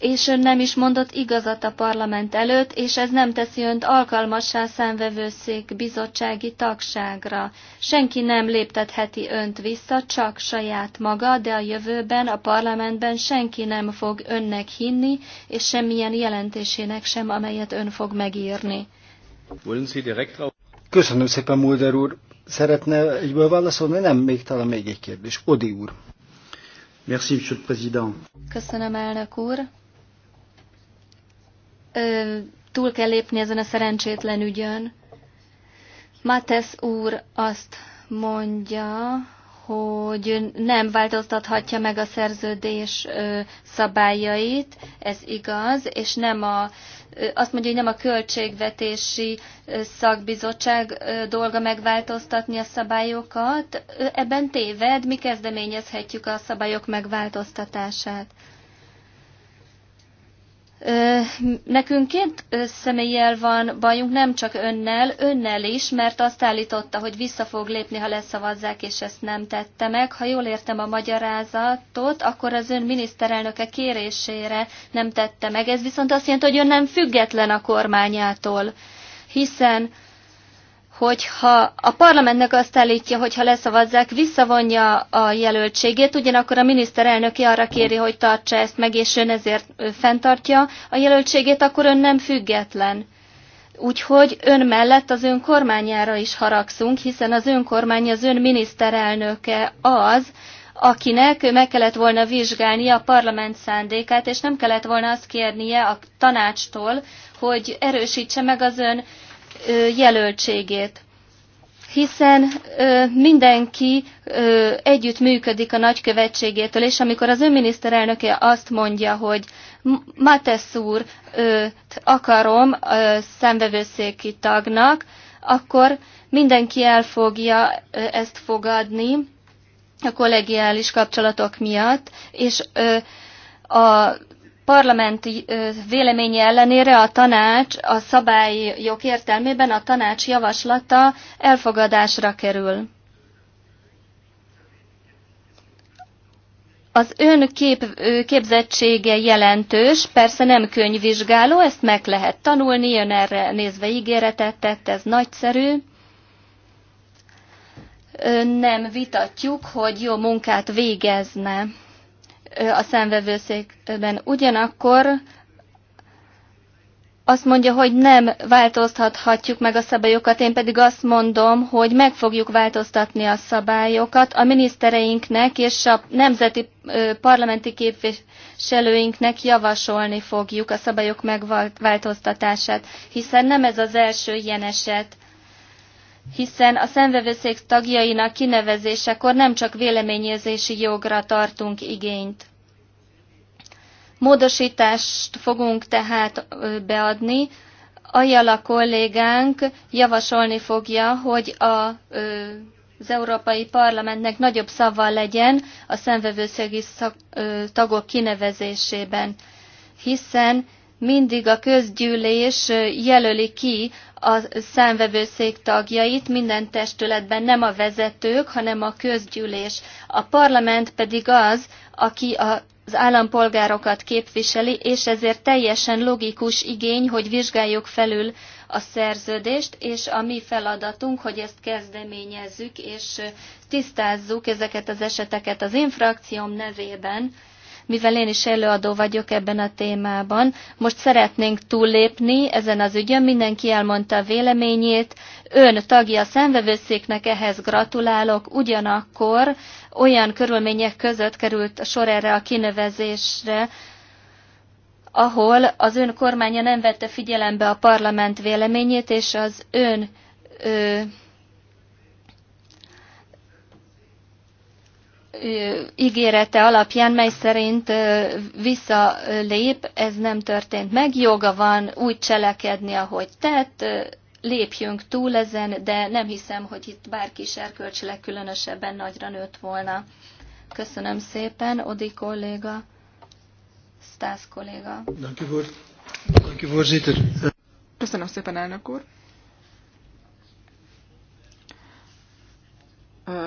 és ön nem is mondott igazat a parlament előtt, és ez nem teszi önt alkalmassá számvevőszék bizottsági tagságra. Senki nem léptetheti önt vissza, csak saját maga, de a jövőben a parlamentben senki nem fog önnek hinni, és semmilyen jelentésének sem, amelyet ön fog megírni. Köszönöm szépen, Mulder úr. Szeretne egyből válaszolni? Nem, még talán még egy kérdés. Odi úr. Merci, Monsieur le Président. Köszönöm, elnök úr ö, túl kell lépni ezen a szerencsétlen ügyön. Matesz úr azt mondja, hogy nem változtathatja meg a szerződés szabályait, ez igaz, és nem a, azt mondja, hogy nem a költségvetési szakbizottság dolga megváltoztatni a szabályokat. Ebben téved, mi kezdeményezhetjük a szabályok megváltoztatását. Nekünk két személlyel van bajunk, nem csak önnel, önnel is, mert azt állította, hogy vissza fog lépni, ha leszavazzák, és ezt nem tette meg. Ha jól értem a magyarázatot, akkor az ön miniszterelnöke kérésére nem tette meg. Ez viszont azt jelenti, hogy ön nem független a kormányától, hiszen hogyha a parlamentnek azt állítja, hogy ha leszavazzák, visszavonja a jelöltségét, ugyanakkor a miniszterelnöki arra kéri, hogy tartsa ezt meg, és ön ezért fenntartja a jelöltségét, akkor ön nem független. Úgyhogy ön mellett az ön kormányára is haragszunk, hiszen az ön kormány az ön miniszterelnöke az, akinek meg kellett volna vizsgálnia a parlament szándékát, és nem kellett volna azt kérnie a tanácstól, hogy erősítse meg az ön jelöltségét hiszen ö, mindenki ö, együtt működik a nagykövetségétől, és amikor az önminiszterelnöke azt mondja, hogy Matesz úr ö, akarom ö, szembevőszéki tagnak, akkor mindenki el fogja ö, ezt fogadni a kollegiális kapcsolatok miatt, és ö, a parlament véleménye ellenére a tanács a szabályok értelmében a tanács javaslata elfogadásra kerül. Az ön kép, képzettsége jelentős, persze nem könyvvizsgáló, ezt meg lehet tanulni, ön erre nézve ígéretet tett, ez nagyszerű. Nem vitatjuk, hogy jó munkát végezne a számvevőszékben. Ugyanakkor azt mondja, hogy nem változtathatjuk meg a szabályokat, én pedig azt mondom, hogy meg fogjuk változtatni a szabályokat a minisztereinknek és a nemzeti parlamenti képviselőinknek javasolni fogjuk a szabályok megváltoztatását, hiszen nem ez az első ilyen eset hiszen a szenvevőszék tagjainak kinevezésekor nem csak véleményezési jogra tartunk igényt. Módosítást fogunk tehát beadni. Ajala kollégánk javasolni fogja, hogy a, az Európai Parlamentnek nagyobb szava legyen a szemvevőszegi tagok kinevezésében, hiszen mindig a közgyűlés jelöli ki a számvevőszék tagjait minden testületben nem a vezetők, hanem a közgyűlés. A parlament pedig az, aki a az állampolgárokat képviseli, és ezért teljesen logikus igény, hogy vizsgáljuk felül a szerződést, és a mi feladatunk, hogy ezt kezdeményezzük, és tisztázzuk ezeket az eseteket az infrakcióm nevében mivel én is előadó vagyok ebben a témában, most szeretnénk túllépni ezen az ügyön, mindenki elmondta a véleményét, ön tagja a szenvevőszéknek, ehhez gratulálok, ugyanakkor olyan körülmények között került sor erre a kinevezésre, ahol az ön kormánya nem vette figyelembe a parlament véleményét, és az ön ö, ígérete alapján, mely szerint visszalép, ez nem történt meg. Joga van úgy cselekedni, ahogy tett, lépjünk túl ezen, de nem hiszem, hogy itt bárki is erkölcsileg különösebben nagyra nőtt volna. Köszönöm szépen, Odi kolléga, Stász kolléga. Köszönöm szépen, elnök úr.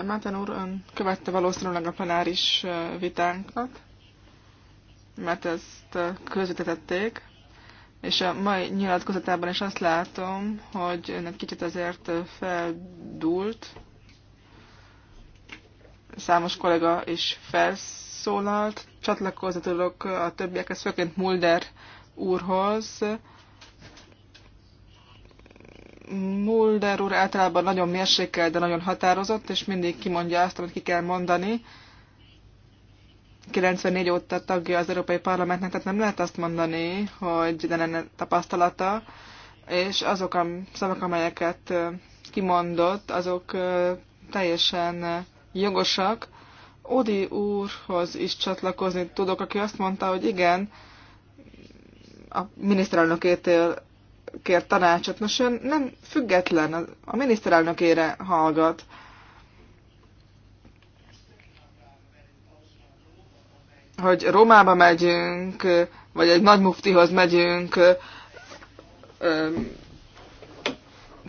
Máten úr, ön követte valószínűleg a plenáris vitánkat, mert ezt közvetítették, és a mai nyilatkozatában is azt látom, hogy ön egy kicsit azért feldult, számos kollega is felszólalt, csatlakozni a többiekhez, főként Mulder úrhoz, Mulder úr általában nagyon mérsékel, de nagyon határozott, és mindig kimondja azt, amit ki kell mondani. 94 óta tagja az Európai Parlamentnek, tehát nem lehet azt mondani, hogy de lenne tapasztalata, és azok a szavak, amelyeket kimondott, azok teljesen jogosak. Odi úrhoz is csatlakozni tudok, aki azt mondta, hogy igen, a miniszterelnökétől kér tanácsot. nos, ön nem független, a miniszterelnökére hallgat. Hogy Rómába megyünk, vagy egy nagy muftihoz megyünk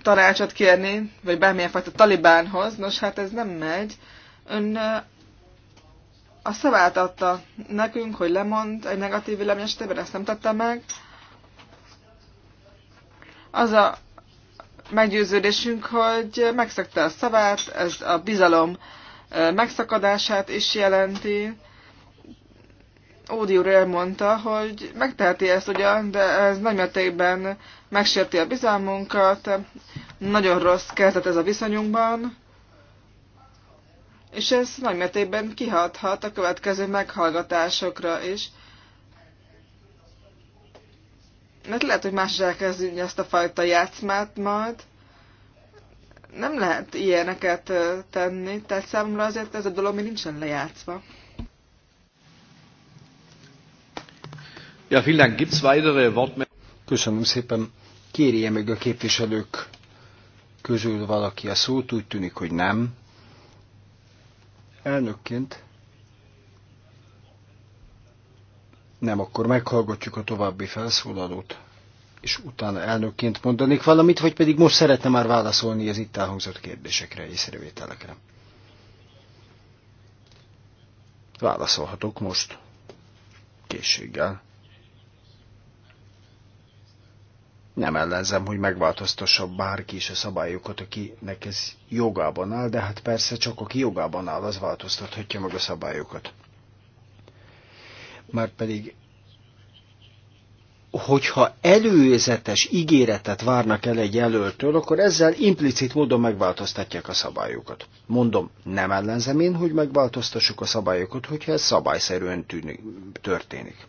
tanácsot kérni, vagy bármilyen fajta talibánhoz. Nos, hát ez nem megy. Ön a szavát adta nekünk, hogy lemond egy negatív vélemény esetében, ezt nem tette meg. Az a meggyőződésünk, hogy megszegte a szavát, ez a bizalom megszakadását is jelenti. Ódi úr elmondta, hogy megteheti ezt ugyan, de ez mértékben megsérti a bizalmunkat, nagyon rossz kezdet ez a viszonyunkban, és ez mértékben kihathat a következő meghallgatásokra is mert lehet, hogy más is elkezdődni ezt a fajta játszmát majd. Nem lehet ilyeneket tenni, tehát számomra azért ez a dolog még nincsen lejátszva. Ja, vielen Gibt's weitere Wortmeldungen? Köszönöm szépen. Kérje meg a képviselők közül valaki a szót, úgy tűnik, hogy nem. Elnökként Nem, akkor meghallgatjuk a további felszólalót, és utána elnökként mondanék valamit, vagy pedig most szeretne már válaszolni az itt elhangzott kérdésekre, észrevételekre. Válaszolhatok most. Készséggel. Nem ellenzem, hogy megváltoztassa bárki is a szabályokat, akinek ez jogában áll, de hát persze csak aki jogában áll, az változtathatja meg a szabályokat már pedig, hogyha előzetes ígéretet várnak el egy jelöltől, akkor ezzel implicit módon megváltoztatják a szabályokat. Mondom, nem ellenzem én, hogy megváltoztassuk a szabályokat, hogyha ez szabályszerűen tűnik, történik.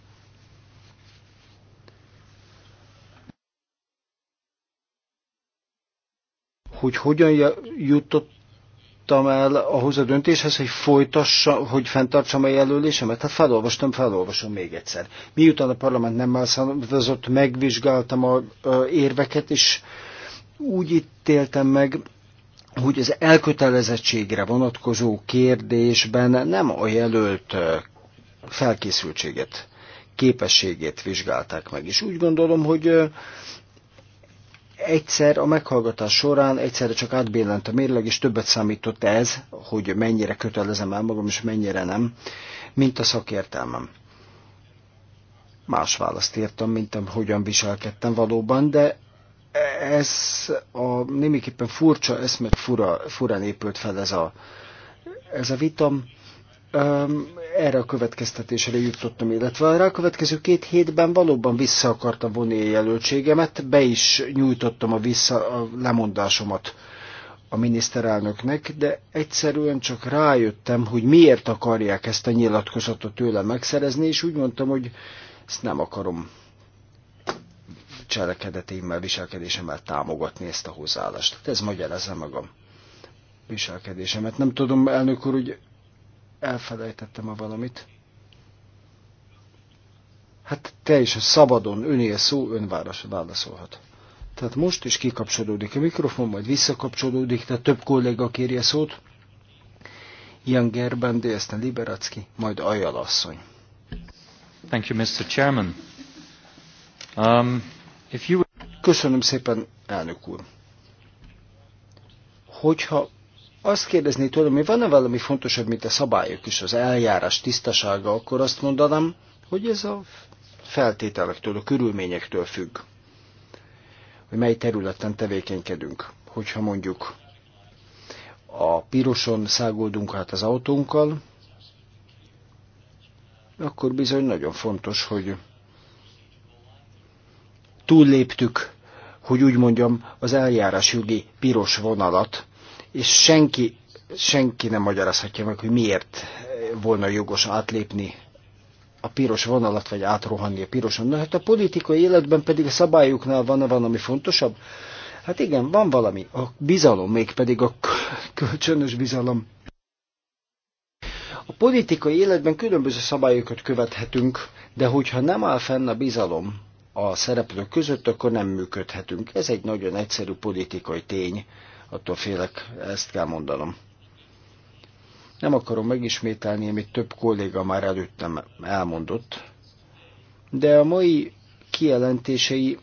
Hogy hogyan jutott jutottam el ahhoz a döntéshez, hogy folytassa, hogy fenntartsam a jelölésemet. Hát felolvastam, felolvasom még egyszer. Miután a parlament nem szavazott, megvizsgáltam a, a érveket, és úgy ítéltem meg, hogy az elkötelezettségre vonatkozó kérdésben nem a jelölt felkészültséget, képességét vizsgálták meg. És úgy gondolom, hogy egyszer a meghallgatás során egyszerre csak átbillent a mérleg, és többet számított ez, hogy mennyire kötelezem el magam, és mennyire nem, mint a szakértelmem. Más választ írtam, mint hogyan viselkedtem valóban, de ez a némiképpen furcsa, ez meg fura, furán épült fel ez a, ez a vitam erre a következtetésre jutottam, illetve a következő két hétben valóban vissza akartam vonni a jelöltségemet, be is nyújtottam a, vissza, a lemondásomat a miniszterelnöknek, de egyszerűen csak rájöttem, hogy miért akarják ezt a nyilatkozatot tőlem megszerezni, és úgy mondtam, hogy ezt nem akarom cselekedetémmel, viselkedésemmel támogatni ezt a hozzáállást. Tehát ez magyarázza magam viselkedésemet. Nem tudom, elnök úr, hogy elfelejtettem a valamit? Hát teljesen szabadon, önél szó, önváros válaszolhat. Tehát most is kikapcsolódik a mikrofon, majd visszakapcsolódik, tehát több kolléga kérje szót. Jan Gerben, de Liberacki, majd Ajala asszony. Thank you, Mr. Chairman. Um, if you... Köszönöm szépen, elnök úr. Hogyha azt kérdezni tőlem, hogy van-e valami fontosabb, mint a szabályok és az eljárás tisztasága, akkor azt mondanám, hogy ez a feltételektől, a körülményektől függ, hogy mely területen tevékenykedünk. Hogyha mondjuk a piroson száguldunk hát az autónkkal, akkor bizony nagyon fontos, hogy túlléptük, hogy úgy mondjam, az eljárásjogi piros vonalat, és senki, senki nem magyarázhatja meg, hogy miért volna jogos átlépni a piros vonalat, vagy átrohanni a piroson. Na hát a politikai életben pedig a szabályoknál van, -e valami fontosabb. Hát igen, van valami. A bizalom, mégpedig a kölcsönös bizalom. A politikai életben különböző szabályokat követhetünk, de hogyha nem áll fenn a bizalom a szereplők között, akkor nem működhetünk. Ez egy nagyon egyszerű politikai tény attól félek, ezt kell mondanom. Nem akarom megismételni, amit több kolléga már előttem elmondott, de a mai kijelentései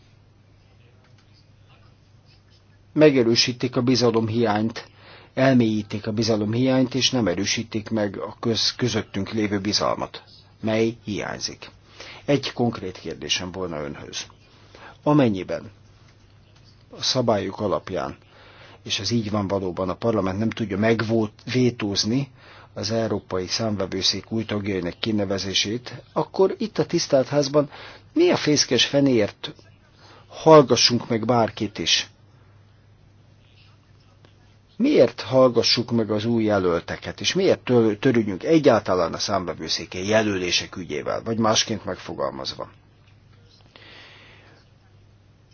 megerősítik a bizalom hiányt, elmélyítik a bizalom hiányt, és nem erősítik meg a köz, közöttünk lévő bizalmat, mely hiányzik. Egy konkrét kérdésem volna önhöz. Amennyiben a szabályok alapján és ez így van valóban, a parlament nem tudja megvétózni az Európai Számvevőszék új tagjainak kinevezését, akkor itt a tisztelt házban mi a fészkes fenéért hallgassunk meg bárkit is? Miért hallgassuk meg az új jelölteket, és miért törődjünk egyáltalán a számbevőszéke jelölések ügyével, vagy másként megfogalmazva?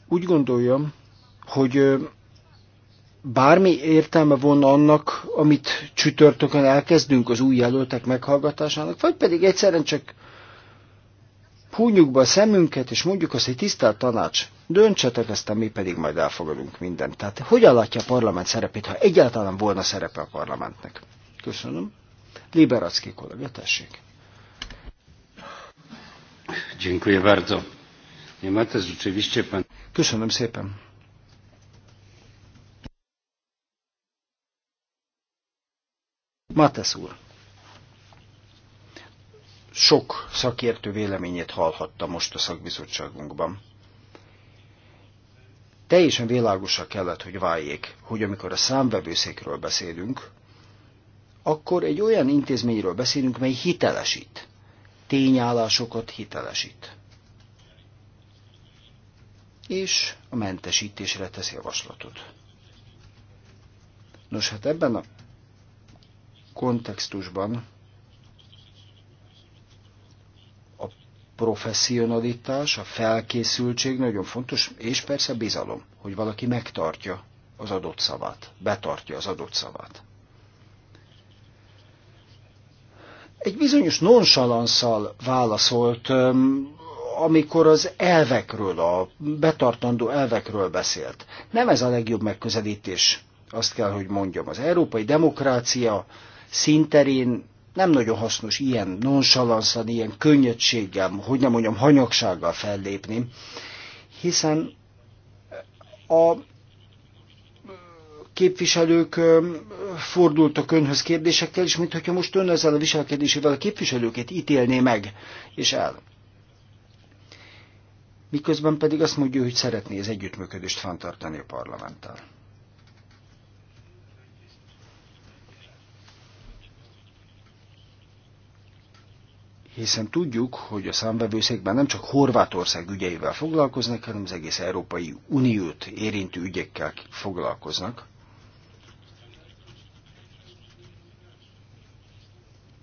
Úgy gondoljam, hogy bármi értelme volna annak, amit csütörtökön elkezdünk az új jelöltek meghallgatásának, vagy pedig egyszerűen csak húnyjuk be a szemünket, és mondjuk azt, hogy tisztelt tanács, döntsetek, aztán mi pedig majd elfogadunk mindent. Tehát hogyan látja a parlament szerepét, ha egyáltalán volna szerepe a parlamentnek? Köszönöm. Liberacki kollega, tessék. Dziękuję bardzo. Nie ma też rzeczywiście pan... Köszönöm szépen. Matesz úr, sok szakértő véleményét hallhatta most a szakbizottságunkban. Teljesen világosra kellett, hogy váljék, hogy amikor a számvevőszékről beszélünk, akkor egy olyan intézményről beszélünk, mely hitelesít. Tényállásokat hitelesít. És a mentesítésre tesz javaslatot. Nos, hát ebben a kontextusban a professzionalitás, a felkészültség nagyon fontos, és persze bizalom, hogy valaki megtartja az adott szavát, betartja az adott szavát. Egy bizonyos nonsalanszal válaszolt, amikor az elvekről, a betartandó elvekről beszélt. Nem ez a legjobb megközelítés, azt kell, hogy mondjam. Az európai demokrácia szinterén nem nagyon hasznos ilyen nonsalanszan, ilyen könnyedséggel, hogy nem mondjam, hanyagsággal fellépni, hiszen a képviselők fordultak önhöz kérdésekkel, és mintha most ön ezzel a viselkedésével a képviselőket ítélné meg, és el. Miközben pedig azt mondja, hogy szeretné az együttműködést fenntartani a parlamenttel. hiszen tudjuk, hogy a számvevőszékben nem csak Horvátország ügyeivel foglalkoznak, hanem az egész Európai Uniót érintő ügyekkel foglalkoznak.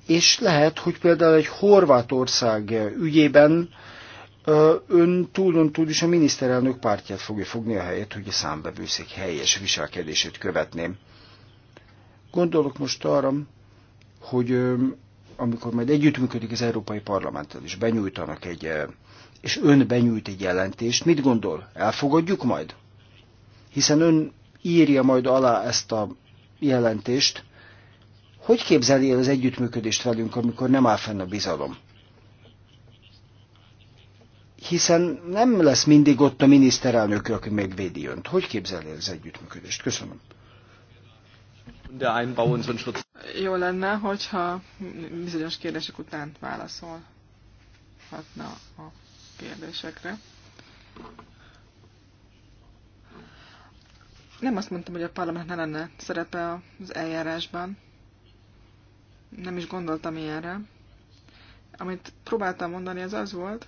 És lehet, hogy például egy Horvátország ügyében ön túlon túl is a miniszterelnök pártját fogja fogni a helyet, hogy a számbevőszék helyes viselkedését követném. Gondolok most arra, hogy amikor majd együttműködik az Európai Parlamenttel, és benyújtanak egy, eh, és ön benyújt egy jelentést, mit gondol? Elfogadjuk majd? Hiszen ön írja majd alá ezt a jelentést. Hogy képzeli el az együttműködést velünk, amikor nem áll fenn a bizalom? Hiszen nem lesz mindig ott a miniszterelnök, aki megvédi önt. Hogy képzeli el az együttműködést? Köszönöm jó lenne, hogyha bizonyos kérdések után válaszolhatna a kérdésekre. Nem azt mondtam, hogy a parlament ne lenne szerepe az eljárásban. Nem is gondoltam ilyenre. Amit próbáltam mondani, az az volt,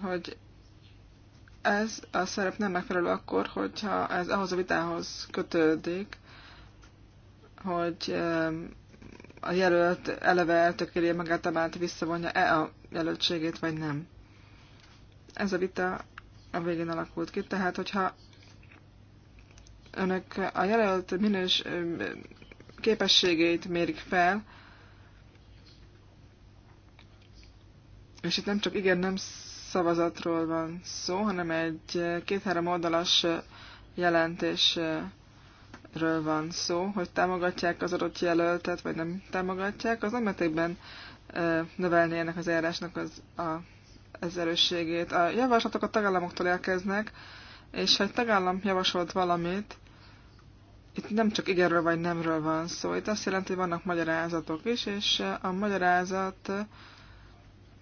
hogy ez a szerep nem megfelelő akkor, hogyha ez ahhoz a vitához kötődik, hogy a jelölt eleve eltökéli magát a vált, visszavonja-e a jelöltségét, vagy nem. Ez a vita a végén alakult ki, tehát hogyha önök a jelölt minős képességeit mérik fel, és itt nem csak igen, nem szavazatról van szó, hanem egy két-három oldalas jelentés ről van szó, hogy támogatják az adott jelöltet, vagy nem támogatják, az nagymértékben növelni ennek az eljárásnak az, a, az erősségét. A javaslatok a tagállamoktól érkeznek, és ha egy tagállam javasolt valamit, itt nem csak igenről vagy nemről van szó, itt azt jelenti, hogy vannak magyarázatok is, és a magyarázat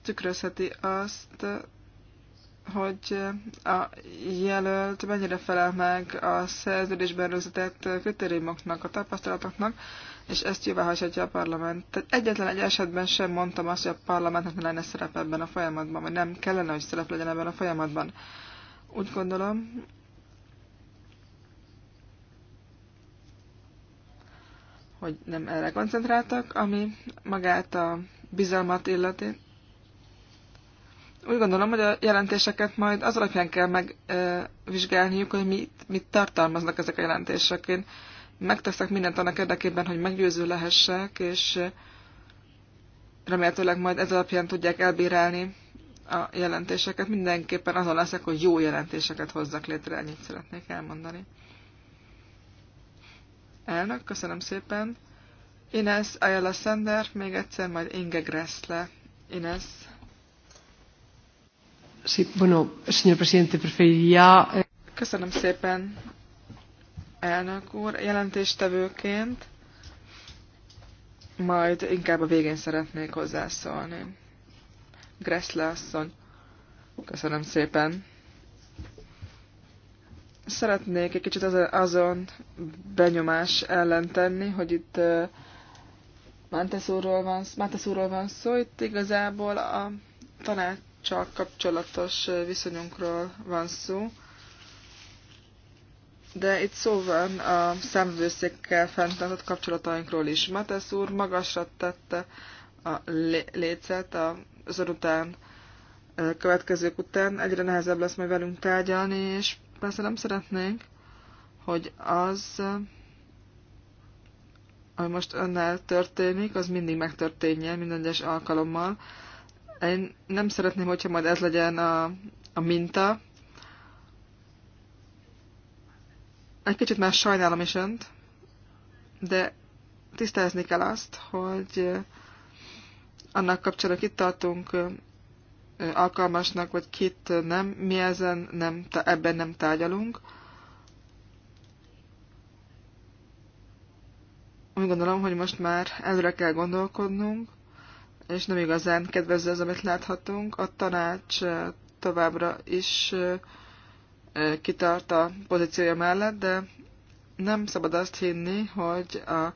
tükrözheti azt, hogy a jelölt mennyire felel meg a szerződésben rögzített kritériumoknak, a tapasztalatoknak, és ezt jóváhagyhatja a parlament. Tehát egyetlen egy esetben sem mondtam azt, hogy a parlamentnek ne lenne szerep ebben a folyamatban, vagy nem kellene, hogy szerep legyen ebben a folyamatban. Úgy gondolom, hogy nem erre koncentráltak, ami magát a bizalmat illeti. Úgy gondolom, hogy a jelentéseket majd az alapján kell megvizsgálniuk, hogy mit, mit tartalmaznak ezek a jelentések. Én megteszek mindent annak érdekében, hogy meggyőző lehessek, és remélhetőleg majd ez alapján tudják elbírálni a jelentéseket. Mindenképpen azon leszek, hogy jó jelentéseket hozzak létre, ennyit szeretnék elmondani. Elnök, köszönöm szépen. Ines Ayala Sender, még egyszer majd Inge Gressle. Ines. Eh, köszönöm szépen, elnök úr, jelentéstevőként, majd inkább a végén szeretnék hozzászólni. Gressle asszony, köszönöm szépen. Szeretnék egy kicsit azon benyomás ellen tenni, hogy itt Mantesz úrról van, Mantesz úrról van szó, itt igazából a tanács csak kapcsolatos viszonyunkról van szó, de itt szó van a szemvőszékkel fenntartott kapcsolatainkról is. Matesz úr magasra tette a lécet az után, következők után. Egyre nehezebb lesz majd velünk tárgyalni, és persze nem szeretnénk, hogy az, ami most önnel történik, az mindig megtörténjen minden egyes alkalommal, én nem szeretném, hogyha majd ez legyen a, a minta. Egy kicsit már sajnálom is önt, de tisztázni kell azt, hogy annak kapcsolatban itt tartunk alkalmasnak, vagy kit nem, mi ezen nem, ebben nem tárgyalunk. Úgy gondolom, hogy most már előre kell gondolkodnunk, és nem igazán kedvező az, amit láthatunk. A tanács továbbra is kitart a pozíciója mellett, de nem szabad azt hinni, hogy a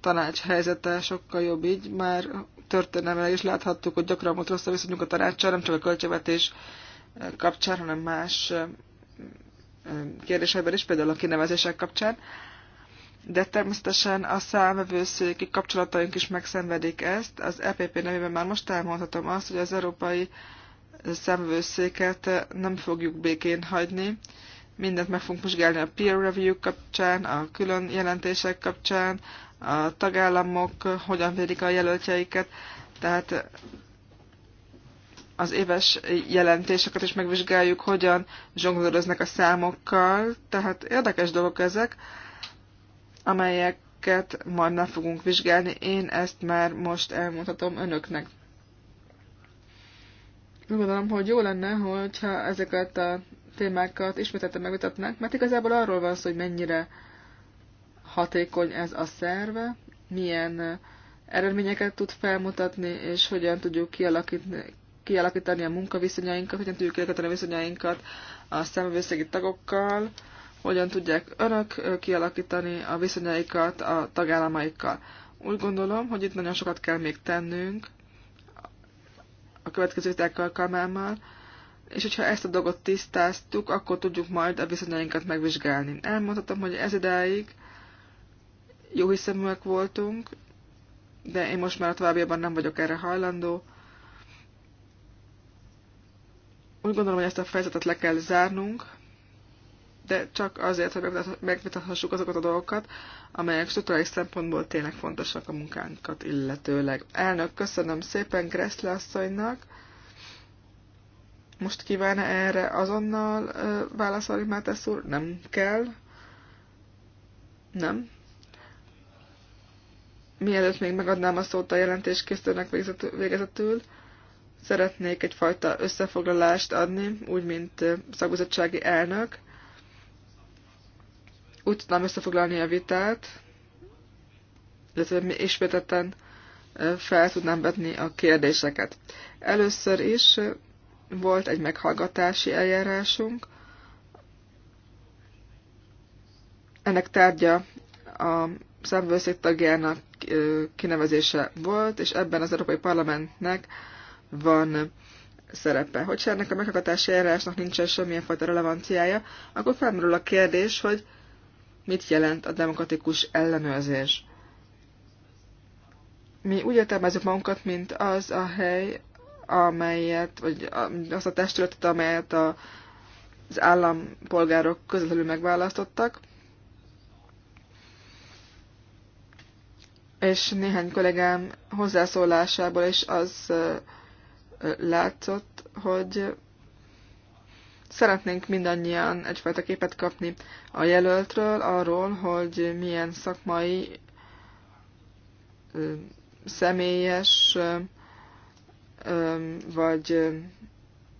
tanács helyzete sokkal jobb így, már történelmileg is láthattuk, hogy gyakran volt rossz a viszonyunk a tanácssal, nem csak a költségvetés kapcsán, hanem más kérdésekben is, például a kinevezések kapcsán de természetesen a számvevőszéki kapcsolataink is megszenvedik ezt. Az EPP nevében már most elmondhatom azt, hogy az európai számvevőszéket nem fogjuk békén hagyni. Mindent meg fogunk vizsgálni a peer review kapcsán, a külön jelentések kapcsán, a tagállamok hogyan védik a jelöltjeiket, tehát az éves jelentéseket is megvizsgáljuk, hogyan zsonglőröznek a számokkal, tehát érdekes dolgok ezek amelyeket majd meg fogunk vizsgálni. Én ezt már most elmondhatom önöknek. Úgy gondolom, hogy jó lenne, hogyha ezeket a témákat ismételten megmutatnánk, mert igazából arról van szó, hogy mennyire hatékony ez a szerve, milyen eredményeket tud felmutatni, és hogyan tudjuk kialakítani, kialakítani a munkaviszonyainkat, hogyan tudjuk kialakítani a viszonyainkat a szemvőszegi tagokkal, hogyan tudják önök kialakítani a viszonyaikat a tagállamaikkal. Úgy gondolom, hogy itt nagyon sokat kell még tennünk a következő viták alkalmával, és hogyha ezt a dolgot tisztáztuk, akkor tudjuk majd a viszonyainkat megvizsgálni. Elmondhatom, hogy ez idáig jó hiszeműek voltunk, de én most már a továbbiakban nem vagyok erre hajlandó. Úgy gondolom, hogy ezt a fejezetet le kell zárnunk, de csak azért, hogy megvitathassuk azokat a dolgokat, amelyek struktúrális szempontból tényleg fontosak a munkánkat illetőleg. Elnök, köszönöm szépen Gressle asszonynak. Most kíván -e erre azonnal válaszolni, Mátesz úr? Nem kell. Nem. Mielőtt még megadnám a szót a készítőnek végezetül, szeretnék egyfajta összefoglalást adni, úgy, mint szakbizottsági elnök. Úgy tudnám összefoglalni a vitát, illetve ismételten fel tudnám vetni a kérdéseket. Először is volt egy meghallgatási eljárásunk. Ennek tárgya a számvőszék tagjának kinevezése volt, és ebben az Európai Parlamentnek van szerepe. Hogyha ennek a meghallgatási eljárásnak nincsen semmilyen fajta relevanciája, akkor felmerül a kérdés, hogy mit jelent a demokratikus ellenőrzés. Mi úgy értelmezzük magunkat, mint az a hely, amelyet, vagy azt a testületet, amelyet a, az állampolgárok közvetlenül megválasztottak. És néhány kollégám hozzászólásából is az látszott, hogy Szeretnénk mindannyian egyfajta képet kapni a jelöltről, arról, hogy milyen szakmai, személyes vagy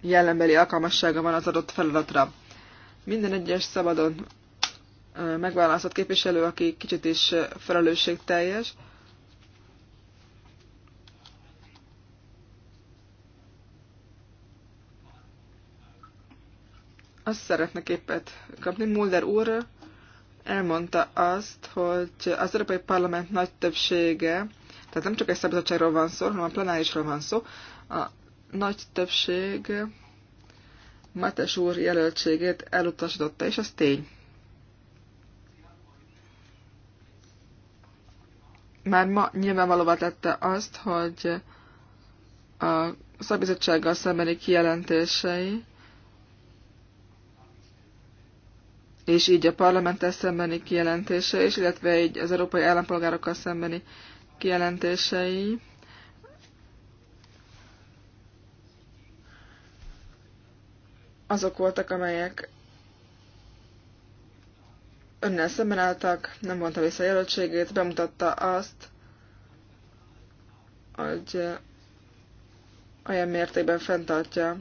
jellembeli alkalmassága van az adott feladatra. Minden egyes szabadon megválasztott képviselő, aki kicsit is felelősségteljes, azt szeretne képet kapni. Mulder úr elmondta azt, hogy az Európai Parlament nagy többsége, tehát nem csak egy szabadságról van szó, hanem a plenárisról van szó, a nagy többség Mates úr jelöltségét elutasította, és az tény. Már ma nyilvánvalóvá tette azt, hogy a szabizottsággal szembeni kijelentései és így a parlamenttel szembeni kijelentése is, illetve így az európai állampolgárokkal szembeni kijelentései. Azok voltak, amelyek önnel szemben álltak, nem mondta vissza a jelöltségét, bemutatta azt, hogy olyan mértékben fenntartja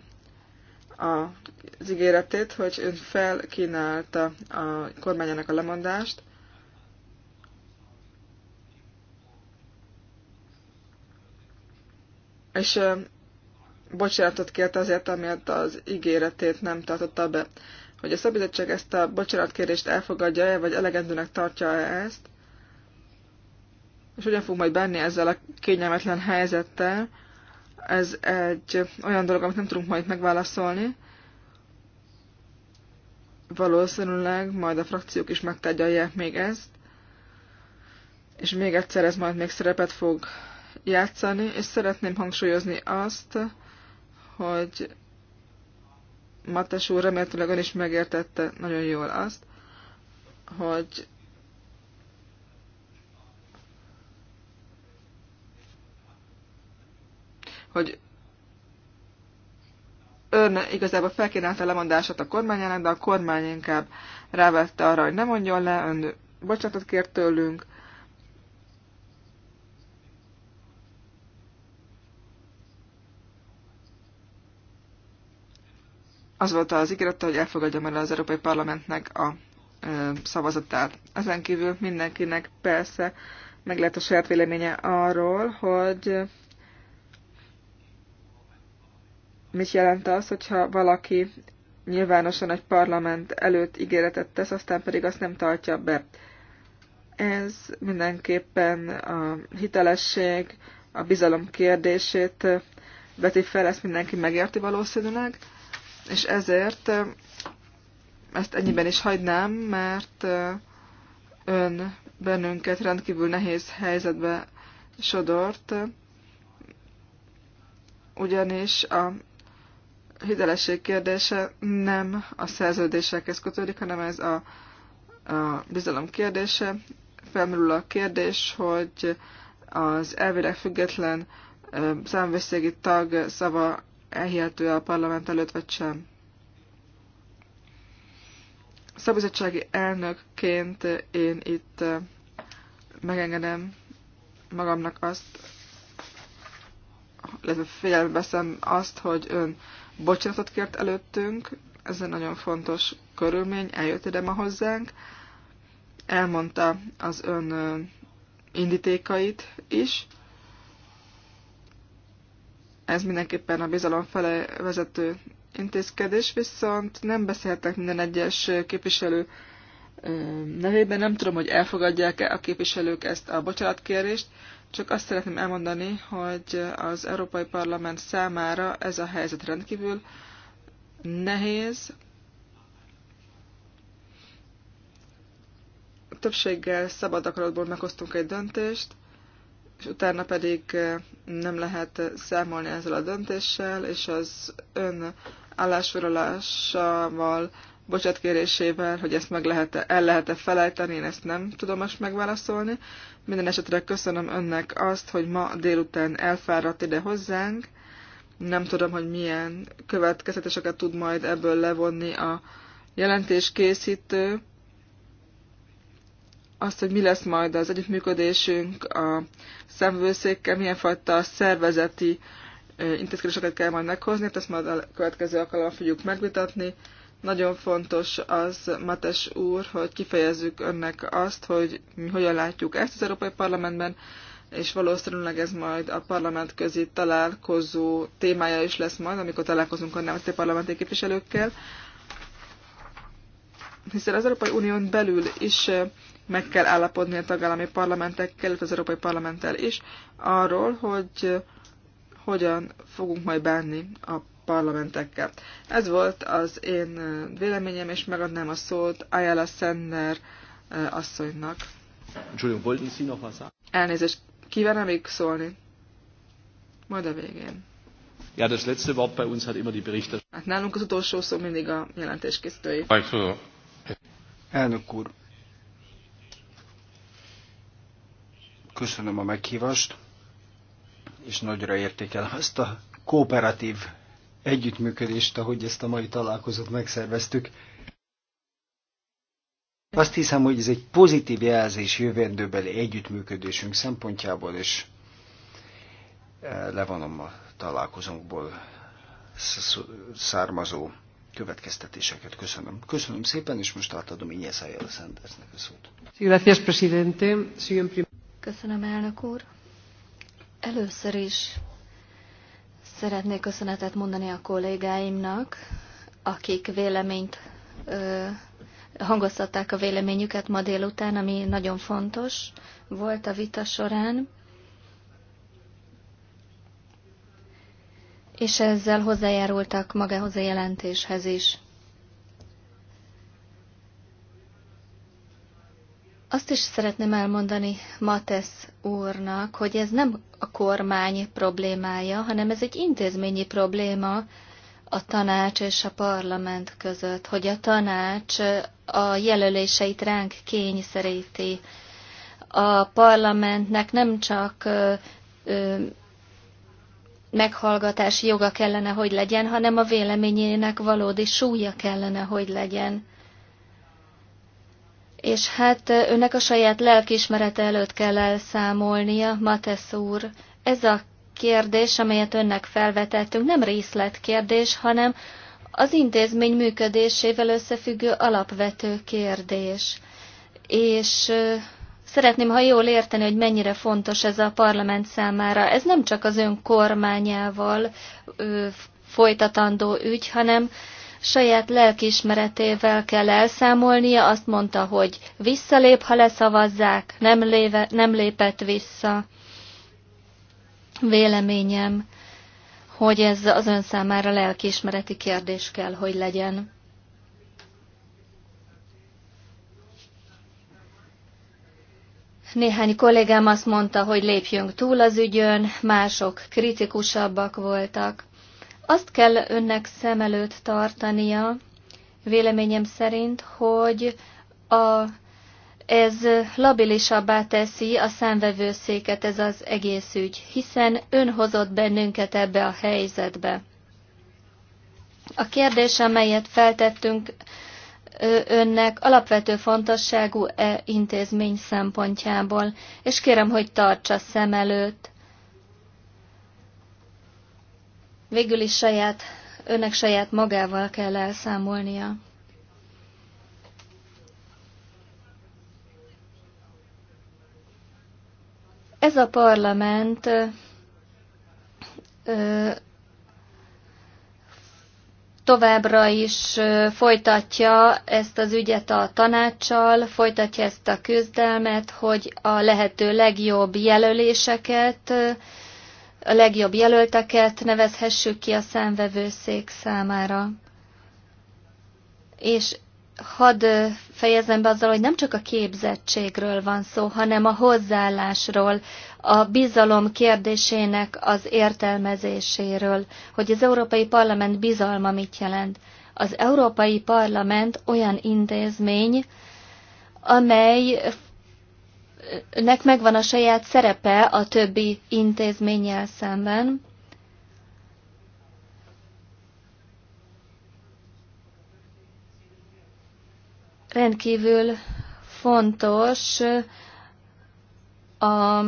az ígéretét, hogy ön felkínálta a kormányának a lemondást, és bocsánatot kért azért, amiért az ígéretét nem tartotta be. Hogy a szabadság ezt a bocsánatkérést elfogadja-e, vagy elegendőnek tartja-e ezt, és hogyan fog majd benni ezzel a kényelmetlen helyzettel, ez egy olyan dolog, amit nem tudunk majd megválaszolni. Valószínűleg majd a frakciók is megtárgyalják még ezt, és még egyszer ez majd még szerepet fog játszani, és szeretném hangsúlyozni azt, hogy Mates úr remélhetőleg ön is megértette nagyon jól azt, hogy hogy ön igazából felkínálta lemondását a kormányának, de a kormány inkább rávette arra, hogy ne mondjon le, ön bocsánatot kért tőlünk. Az volt az ígérete, hogy elfogadja már az Európai Parlamentnek a szavazatát. Ezen kívül mindenkinek persze meg lehet a saját véleménye arról, hogy mit jelent az, hogyha valaki nyilvánosan egy parlament előtt ígéretet tesz, aztán pedig azt nem tartja be. Ez mindenképpen a hitelesség, a bizalom kérdését veti fel, ezt mindenki megérti valószínűleg, és ezért ezt ennyiben is hagynám, mert ön bennünket rendkívül nehéz helyzetbe sodort, ugyanis a hitelesség kérdése nem a szerződésekhez kötődik, hanem ez a, a bizalom kérdése. Felmerül a kérdés, hogy az elvileg független számvészségi tag szava elhihető a parlament előtt, vagy sem. Szabizottsági elnökként én itt megengedem magamnak azt, illetve figyelembe azt, hogy ön bocsánatot kért előttünk, ez egy nagyon fontos körülmény, eljött ide ma hozzánk, elmondta az ön indítékait is. Ez mindenképpen a bizalom fele vezető intézkedés, viszont nem beszéltek minden egyes képviselő nevében. Nem tudom, hogy elfogadják-e a képviselők ezt a bocsánatkérést, csak azt szeretném elmondani, hogy az Európai Parlament számára ez a helyzet rendkívül nehéz. Többséggel szabad akaratból meghoztunk egy döntést, és utána pedig eh, nem lehet számolni ezzel a döntéssel, és az ön állásfoglalásával bocsátkérésével, hogy ezt meg lehet-e, el lehet-e felejteni, én ezt nem tudom most megválaszolni. Minden esetre köszönöm önnek azt, hogy ma délután elfáradt ide hozzánk. Nem tudom, hogy milyen következeteseket tud majd ebből levonni a jelentéskészítő. Azt, hogy mi lesz majd az együttműködésünk a szemvőszékkel, milyen fajta szervezeti intézkedéseket kell majd meghozni, hát ezt majd a következő alkalommal fogjuk megvitatni. Nagyon fontos az, Mates úr, hogy kifejezzük önnek azt, hogy mi hogyan látjuk ezt az Európai Parlamentben, és valószínűleg ez majd a parlament közé találkozó témája is lesz majd, amikor találkozunk a nemzeti parlamenti képviselőkkel. Hiszen az Európai Unión belül is meg kell állapodni a tagállami parlamentekkel, illetve az Európai Parlamenttel is arról, hogy hogyan fogunk majd bánni a parlamentekkel. Ez volt az én véleményem, és megadnám a szót Ayala Sender asszonynak. Elnézést, kívánna még szólni? Majd a végén. Ja, das letzte Wort bei uns hat immer die Berichter. Hát nálunk az utolsó szó mindig a jelentéskészítői. Elnök úr, köszönöm a meghívást, és nagyra értékelem ezt a kooperatív együttműködést, ahogy ezt a mai találkozót megszerveztük. Azt hiszem, hogy ez egy pozitív jelzés jövendőbeli együttműködésünk szempontjából, és e, levonom a találkozónkból származó következtetéseket. Köszönöm. Köszönöm szépen, és most átadom Inés a Sandersnek a szót. Köszönöm, elnök úr. Először is Szeretnék köszönetet mondani a kollégáimnak, akik véleményt ö, hangoztatták a véleményüket ma délután, ami nagyon fontos volt a vita során. És ezzel hozzájárultak magához a jelentéshez is. Azt is szeretném elmondani Matesz úrnak, hogy ez nem a kormány problémája, hanem ez egy intézményi probléma a tanács és a parlament között, hogy a tanács a jelöléseit ránk kényszeríti. A parlamentnek nem csak meghallgatási joga kellene, hogy legyen, hanem a véleményének valódi súlya kellene, hogy legyen és hát önnek a saját lelkiismerete előtt kell elszámolnia, Matesz úr. Ez a kérdés, amelyet önnek felvetettünk, nem részletkérdés, hanem az intézmény működésével összefüggő alapvető kérdés. És szeretném, ha jól érteni, hogy mennyire fontos ez a parlament számára. Ez nem csak az ön kormányával folytatandó ügy, hanem saját lelkiismeretével kell elszámolnia, azt mondta, hogy visszalép, ha leszavazzák, nem, léve, nem lépett vissza. Véleményem, hogy ez az ön számára lelkiismereti kérdés kell, hogy legyen. Néhány kollégám azt mondta, hogy lépjünk túl az ügyön, mások kritikusabbak voltak. Azt kell önnek szem előtt tartania, véleményem szerint, hogy a, ez labilisabbá teszi a számvevőszéket ez az egész ügy, hiszen ön hozott bennünket ebbe a helyzetbe. A kérdés, amelyet feltettünk önnek, alapvető fontosságú e intézmény szempontjából, és kérem, hogy tartsa szem előtt. végül is saját, önnek saját magával kell elszámolnia. Ez a parlament ö, továbbra is folytatja ezt az ügyet a tanácssal, folytatja ezt a küzdelmet, hogy a lehető legjobb jelöléseket a legjobb jelölteket nevezhessük ki a számvevőszék számára. És hadd fejezem be azzal, hogy nem csak a képzettségről van szó, hanem a hozzáállásról, a bizalom kérdésének az értelmezéséről, hogy az Európai Parlament bizalma mit jelent. Az Európai Parlament olyan intézmény, amely nek megvan a saját szerepe a többi intézménnyel szemben. Rendkívül fontos a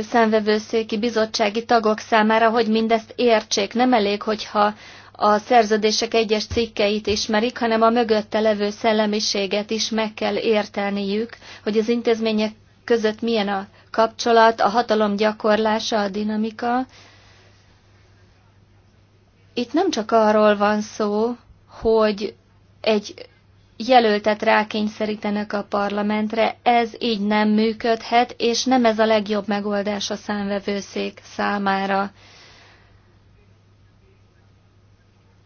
számvevőszéki bizottsági tagok számára, hogy mindezt értsék. Nem elég, hogyha a szerződések egyes cikkeit ismerik, hanem a mögötte levő szellemiséget is meg kell érteniük, hogy az intézmények között milyen a kapcsolat, a hatalom gyakorlása, a dinamika. Itt nem csak arról van szó, hogy egy jelöltet rákényszerítenek a parlamentre, ez így nem működhet, és nem ez a legjobb megoldás a számvevőszék számára.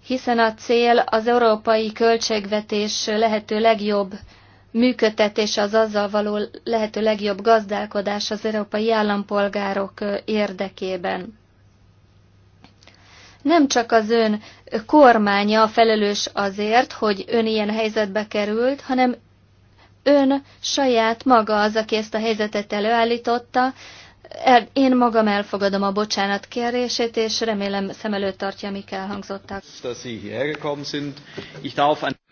hiszen a cél az európai költségvetés lehető legjobb működtetése, az azzal való lehető legjobb gazdálkodás az európai állampolgárok érdekében. Nem csak az ön kormánya felelős azért, hogy ön ilyen helyzetbe került, hanem ön saját maga az, aki ezt a helyzetet előállította, én magam elfogadom a bocsánat kérését, és remélem szem előtt tartja, amik elhangzottak.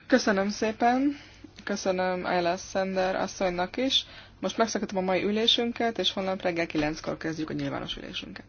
Köszönöm szépen, köszönöm Ayla Sender asszonynak is. Most megszakítom a mai ülésünket, és holnap reggel 9-kor kezdjük a nyilvános ülésünket.